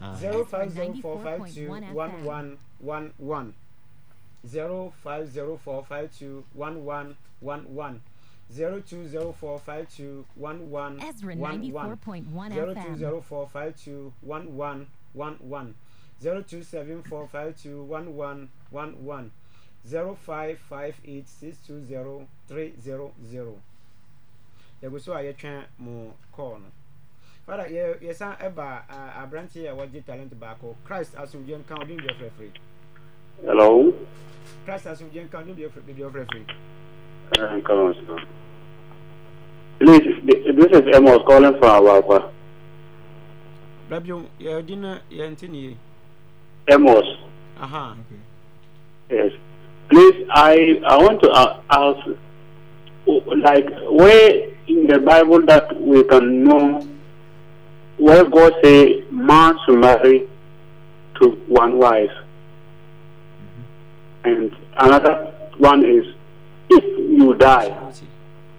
ah. zero five zero four five two one one one one 0204521111 0204521111 0274521111 0558620300 yɛgu so a yɛtwɛn mo kɔɔ no fada yɛsan ɛba aberanteɛ a wɔgye talent baako christ asomdwe nka ɔde ndeɛ frɛfrɛ hello christ asomdwe nka ɔde ndeɛ frɛfrɛ Please, this is Amos calling from Awapa. Rabio, your dinner, your antini. Amos. Aha. Okay. Yes. Please, I I want to ask, like, uh, uh, where in the Bible that we can know where God say man should marry to one wife, mm-hmm. and another one is if you die,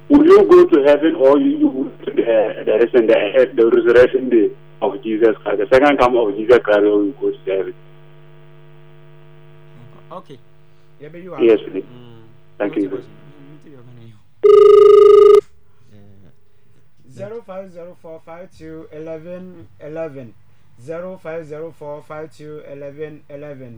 will you go to heaven or you will to the, the, the, resurrection day of Jesus Christ? The second coming of Jesus Christ, will you go to heaven? Okay. Yeah, but you are. Yes, please. Mm. Thank you. you. 0504521111 0504521111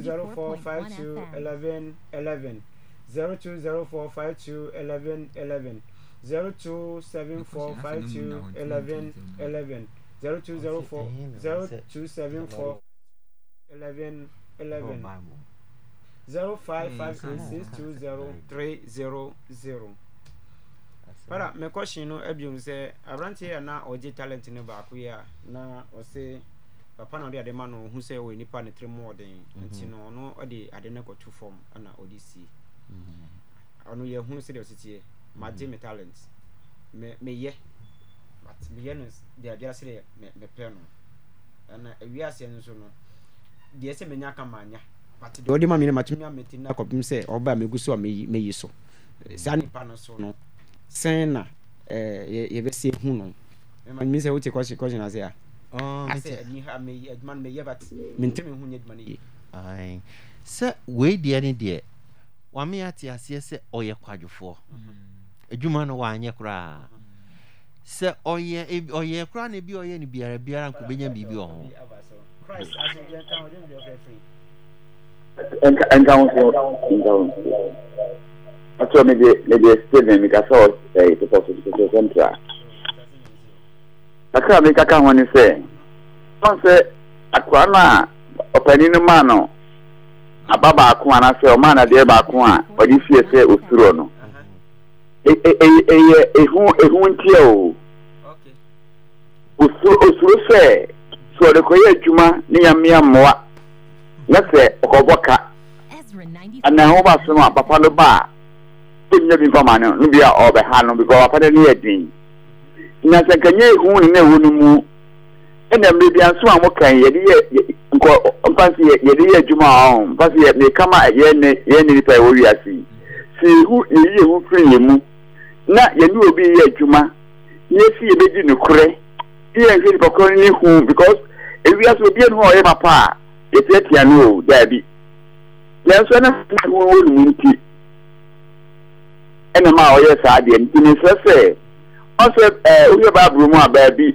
0204521111 zero two zero four five two eleven eleven zero two seven four five two eleven eleven zero two zero four zero two seven four eleven eleven zero five five three six two zero three zero zero. para me question no abiom eh, sɛ aberanteɛ a na ɔgye talent no baako yi a na ɔse papa na ɔde ade ma no ɔhu sɛ ɔyɛ nipa ne tirim ɔden mhm. nti no ɔno ɔde ade no kɔto fam ɛna ɔde sie ɔno yɛ hunu sɛdeɛ ɔteteɛ mhm. magye me talent meyɛ but meyɛ no deɛ biara sɛdeɛ mepɛ no ɛna awiaseɛ no so no deɛ sɛ menya ka maanya but deɛ ɔde ma me no matumi amɛtim no akɔpem sɛ ɔba megu so a meyi so mhm. saa nipa no so no sɛn na eh, yɛbɛsɛ hu no mi sɛ wote kɔhye kɔhye na sɛ a ah, asɛ aniha adwuma no meyɛ but mentemi ho nyɛ adwuma no yie sɛ wei deɛ ne deɛ wame ate aseɛ sɛ ɔyɛ kwadwofoɔ mhm. adwuma no waanyɛ koraa mhm. sɛ ɔyɛ ɔyɛ koraa na bi ɔyɛ no biara biara nkɔbɛnya biribi wɔ ho nka ho so nka ho so ato mede mede steven mekasa ɔsɛe tepɔsotepɔsɛ sɛntra kakra mekaka ho ne sɛ ɔn sɛ akoa no a ɔpani no maa no aba baako anaasɛ ɔma anadeɛ baako a ɔde fie sɛ osuro no ɛyɛ e, e, e, ehu ehu ntia o osuro osuro sɛ sɛ ɔde kɔyɛ adwuma ne nyamea mmoa na sɛ ɔkɔbɔ ka ana ba so no a papa no ba a ɛnyɛ bi mfa ma no no bi a ɔbɛha no bi kɔ papa no yɛ den na sɛ nkanyɛ ehu ne na ehu no mu ɛna mmerɛ bi nso a mo kan yɛde yɛ nkɔ mpasi yɛ yɛde yɛ adwuma ɔn mpasi yɛ e, ne kama yɛ ne yɛ ne nipa ɛwɔ e wiase yi si ehu yɛyi ehu firi yɛ mu na yɛne obi yɛ adwuma yɛsi yɛbɛdi ne korɛ yɛ nhwɛ nipa korɛ ne hu because ewiase obi yɛn ho a ɔyɛ ma paa yɛtiatia no o daabi nanso ɛna fún wɔn wɔn mu nti ɛna e mu a ɔyɛ saa deɛ nti ne nsɛ sɛ ɔsɛ ɛɛ ohwɛ baaburo mu a baabi.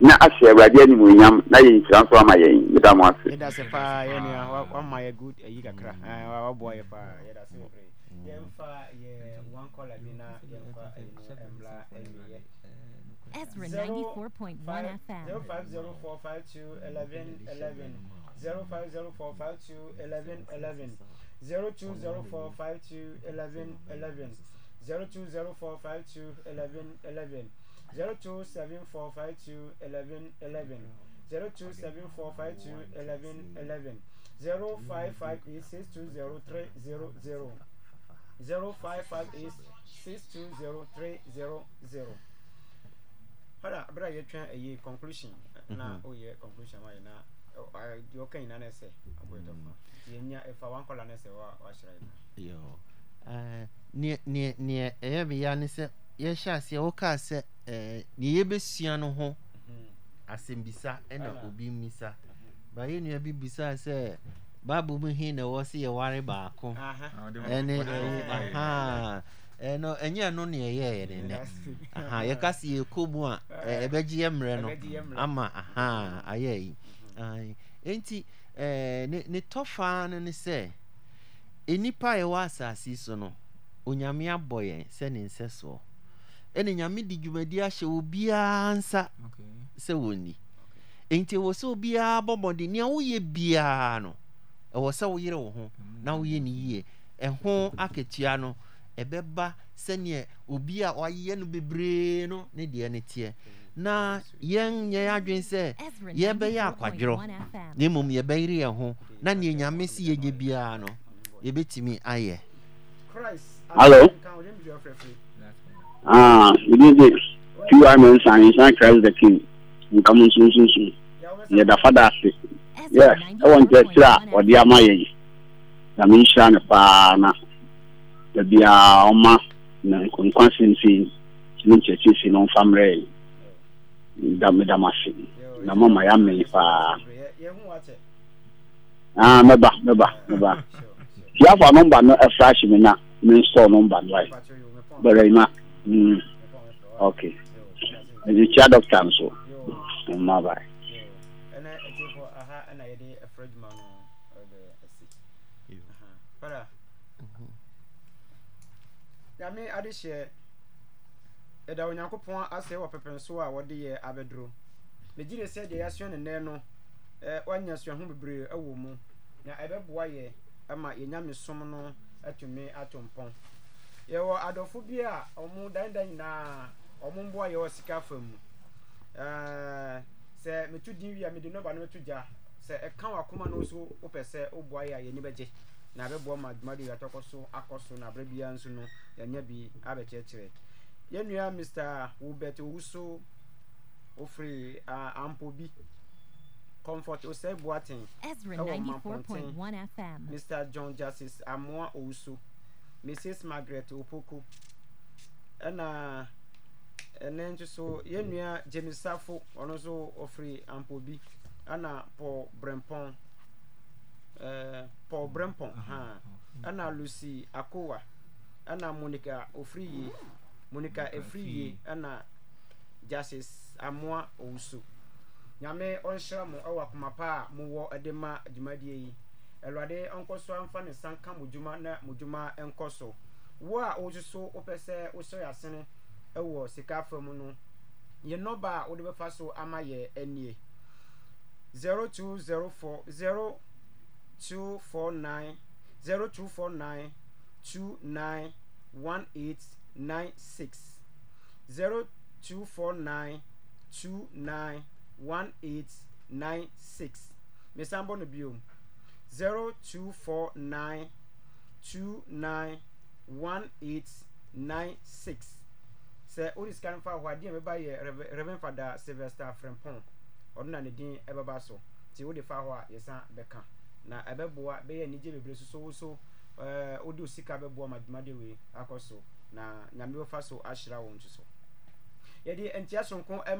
na ahyɛ awurade animuonyam na yɛ nhyira nso ama yɛn meda mo ase yɛda sɛ paa yɛne wama yɛ good ayi kakra waboa yɛ paa yɛda sɛ yɛmfa yɛ zero two seven four five two eleven eleven zero two seven four five two eleven eleven zero five five eight six two zero three zero zero zero five five eight six two zero three zero zero. Pada abira yɛ twɛn ɛyɛ conclusion mm-hmm. na oyɛ oh, conclusion wa yɛ na deɛ ɔka nyina na ɛsɛ aboyɛtɔfo yɛ nya ɛfa wankɔla na ɛsɛ wa wahyerɛ yɛ na. Yɔ ɛɛ neɛ neɛ neɛ ɛyɛ bi ya ne sɛ yɛhyɛ aseɛ wokaa sɛ eh, ne yɛbɛsua no ho mhm. asɛmbisa ɛna obi mmisa mhm. ba yɛ nua bi bisaa sɛ bible mu hi na ɛwɔ sɛ yɛware baako ɛne ɛno ɛnyɛ ɛno ne ɛyɛɛ ne nɛ aha yɛka sɛ yɛkɔ mu a ɛbɛgye mmerɛ no ama aha mhm. ayɛ yi enti ne tɔfaa no ne sɛ nnipa a yɛwɔ asase so no onyame abɔ yɛn sɛ ne nsɛsoɔ ɛna nyame de dwumadi ahyɛ obiara nsa sɛ wɔnni nti ɛwɔ sɛ obiara bɔ mmɔden nea woyɛ biara no ɛwɔ sɛ woyere wo ho na woyɛ ne yie ɛho akatua no ɛbɛba sɛneɛ obi a wayɛ no bebree no ne deɛ ne teɛ na yɛn yɛn adwene sɛ yɛbɛyɛ akwadwerɔ na mmom yɛbɛyere yɛn ho na neɛ nyame si yɛnyɛ biara no yɛbɛtumi ayɛ hello ah within the few moments and his son Christ the king nka mu nso nso nso yɛda fada ase yes ɛwɔ nkyɛkyerɛ a ɔde ama yɛ yi na me nhyira no paa na baabi a ɔma na nkɔnkwa sensen ne nkyɛkyerɛ si no mfa mmerɛ yi medam ase na mama yɛ amee paa ah mɛba mɛba mɛba tiafa nɔmba no ɛfra hye me na me nsɔɔ nɔmba no ayɛ bɛrɛ yi ma Mm. Okay. Ndi chia doctor nso. Mma bye. Ɛna ɛtifo aha ɛna yɛde afrɛj ma no ɛde asi. Para. Nyame ade hyɛ ɛda Onyankopɔn asɛ wɔ pɛpɛ a wɔde yɛ abɛduro. Megye de sɛ deɛ yɛasua ne nnɛ no ɛɛ wanya suaho bebree ɛwɔ mu na ɛbɛboa yɛ ama yɛnyame som no atumi ato mpɔn. yɛwɔ adɔfo bi a ɔmo dandan nyinaa ɔmo mboa yɛwɔ sika fa mu ɛɛ sɛ metu din wi a mede nɔba no metu gya sɛ ɛka wɔ no nso wopɛ sɛ woboa yɛ a yɛni bɛgye na abɛboa ma dwumadi yɛ atɔkɔ so akɔ so na abrɛ biara nso no yɛnya bi abɛkyerɛkyerɛ yɛn mr wubert owuso ofiri uh, ampo bi comfort osɛ boaten ɛwɔ mr john justice amoa owuso mrs margaret opoku ɛna ɛnɛ nso so yɛn nua gyemisafo ɔno nso ɔfiri ampobi ɛna paul brempɔn ɛɛ paul brempɔn ha ɛna lucy akowa ɛna monica ofiriye monica efiriye ɛna justice amoa owusu nyame ɔnhyira mo ɛwɔ akoma pa a mowɔ ɛde ma dwumadie yi awurade ɔnkɔ so amfa ne nsa nka mo dwuma na mo dwuma nkɔ so wo a wososo wopɛ sɛ wosɔ yɛ asene wɔ sika fam no yɛ nɔba a wode bɛfa so ama yɛ anie 0204 0249 0249 29 1896 0249 29 1896 mesan bɔ no biom 0249 0249 291896 sɛ wode sika no fa hɔ adeɛ mɛba yɛ reven fada sylvester frempon ɔno na ne din ɛbɛba so nti wode fa hɔ a yɛsan bɛka na ɛbɛboa bɛyɛ anigye bebree so so wo so wode osika bɛboa ma dwumade wei akɔ so na nyame bɛfa so ahyira wo so yɛde ntia sonko yɛ a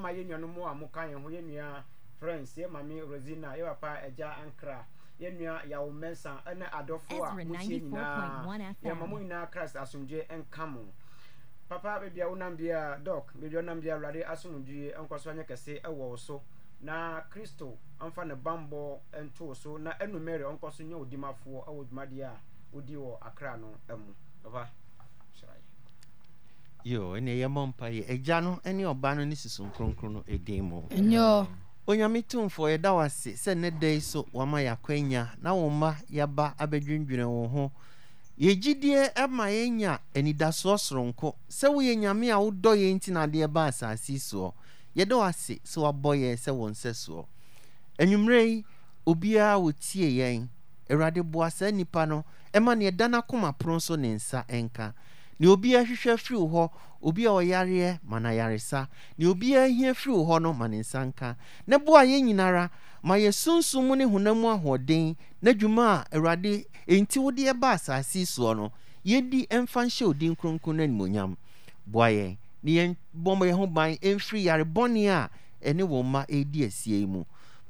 ho yɛ nua friends yɛ mame rosina yɛ papa agya ankra yɛnua yawo mɛnsa ɛne adɔfo a motie nyinaa yɛma mo nyinaa christ asomdwe nka mo papa baabi a wonam bia dɔk baabi a wonam bia awurade asomdwe nkɔ so anyɛ kɛse ɛwɔ wo so na kristo ɔmfa ne bambɔ nto wo so na ɛnu mary ɔnkɔ so nyɛ odimafoɔ ɛwɔ dwumadeɛ a wodi wɔ akra no mu papa hyerɛ yo ɛne yɛmmɔ mpa yɛ agya no ne ɔba no ne sisom kronkron no ɛdin mu onyame tumfoɔ yɛda w sɛ ne da yi so wama yɛakwanya na wo mma yɛba abɛdwendwene wo ho yɛgyidie ma yɛnya anidasoɔ soronko sɛ woyɛ nyame a wodɔ yɛ nti na adeɛ ba asase soɔ yɛda w ase sɛ woabɔ yɛ sɛ wɔ nsɛsoɔ anwummerɛ yi obiara wɔtie yɛn awurade boa saa nnipa no ɛma neɛ da no akoma pono so ne nsa ɛnka na obi ahwehwɛ firi hɔ obi a ɔyareɛ ma na yaresa na obi ahia firi hɔ no ma ne nsa nka na boa yɛn nyinara ma yɛ sunsun mu ne honam ahoɔden na a awurade enti wode ɛba asase soɔ no yɛdi ɛmfa nhyɛ odin kronkron no animonyam boa yɛn na yɛn bɔmmɔ yɛn ho ban ɛmfiri yarebɔne a ɛne wɔn mma ɛredi asie mu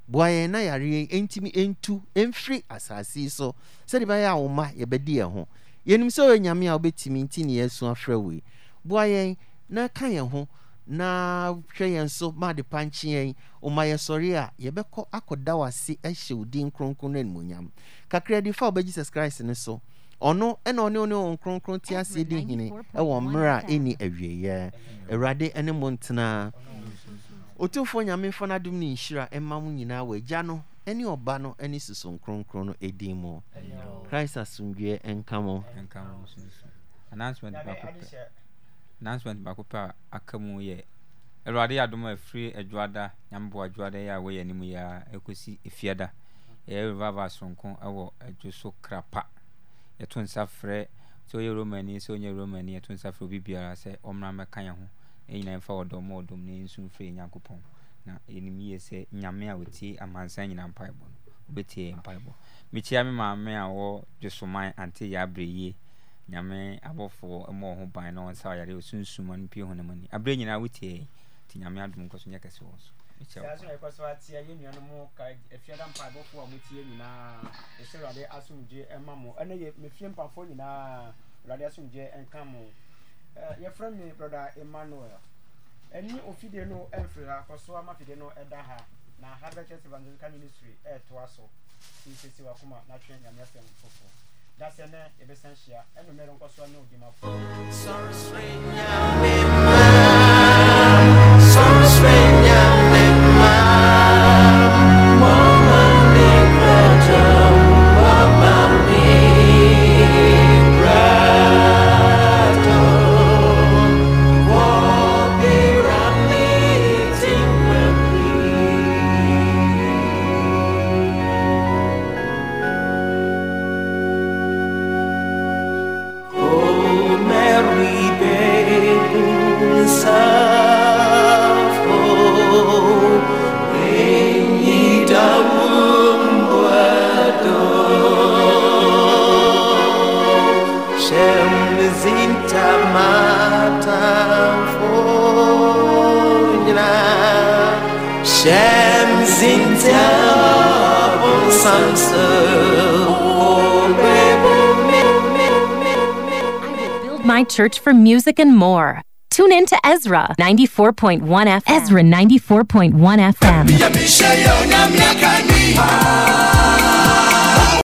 boa yɛn na yareɛ ntumi ntu ɛmfiri asase so sɛdeɛ bɛyɛ a wɔn mma yɛbɛdi yɛn ho yɛnim sɛ ɔyɛ nyame a wobɛtumi nti ne yɛasu afrɛ wei boa yɛn na ka yɛn ho na hwɛ yɛn so ma ade pa nkye yɛn ɔma yɛsɔre a yɛbɛkɔ akɔda ase ahyɛ wo din kronkron no animonyam kakra de fa wobɛ jesus christ ne so ɔno ɛna ɔne ɔne wɔn kronkron te aseɛ di hene ɛwɔ mmerɛ a ɛni awieeɛ awurade ne mo ntenaa ɔtumfoɔ nyame fa no adom ne nhyira ɛma mo nyinaa wɔ agya no ɛne ɔba no ne soso nkronkron no ɛdin mu christ asomdwe nka mo announcement baako pɛ announcement baako pɛ a aka mu yɛ awurade yɛ adom a ɛfiri adwoada nyamboa adwoada yɛ a wɔyɛ anim yi a ɛkɔsi efiada ɛyɛ revival sonko ɛwɔ adwo so krapa yɛto nsa frɛ sɛ ɔyɛ romani sɛ ɔnyɛ romani yɛto nsa frɛ obi biara sɛ ɔmmra mmɛka yɛ ho ɛnyina mfa wɔdɔm ma ɔdɔm no ɛnsu mfiri nyankopɔn na ɛnim yie sɛ nyame a wɔtie amansa nyina mpaebɔ no wobɛtie yɛ mpaebɔ mekyia me maame a wɔ dwosoman ante yɛ abrɛ yie nyame abɔfoɔ ma wɔ ho ban na ɔnsa ɔyare ɔsunsuma no pie honam ani aberɛ nyinaa wotie nti nyame adom nkɔ so nyɛ kɛse wɔ so na ɛkɔ so ateɛ yɛ nuanom ka afiada mpaebɔfoɔ yɛfrɛ me brother emmanuel ɛni ofidie no ɛmfiri ha akɔso ama fidie no ɛda ha na ha bɛkyɛ sɛ evangelical ministry ɛɛtoa eh, so sisisi wakoma na twɛn nyame asɛm foforɔ dasɛ nɛ yɛbɛsan hyia ɛnomɛrɛ nkɔsoa ne music, and more. Tune in to Ezra 94.1 FM. Ezra 94.1 FM.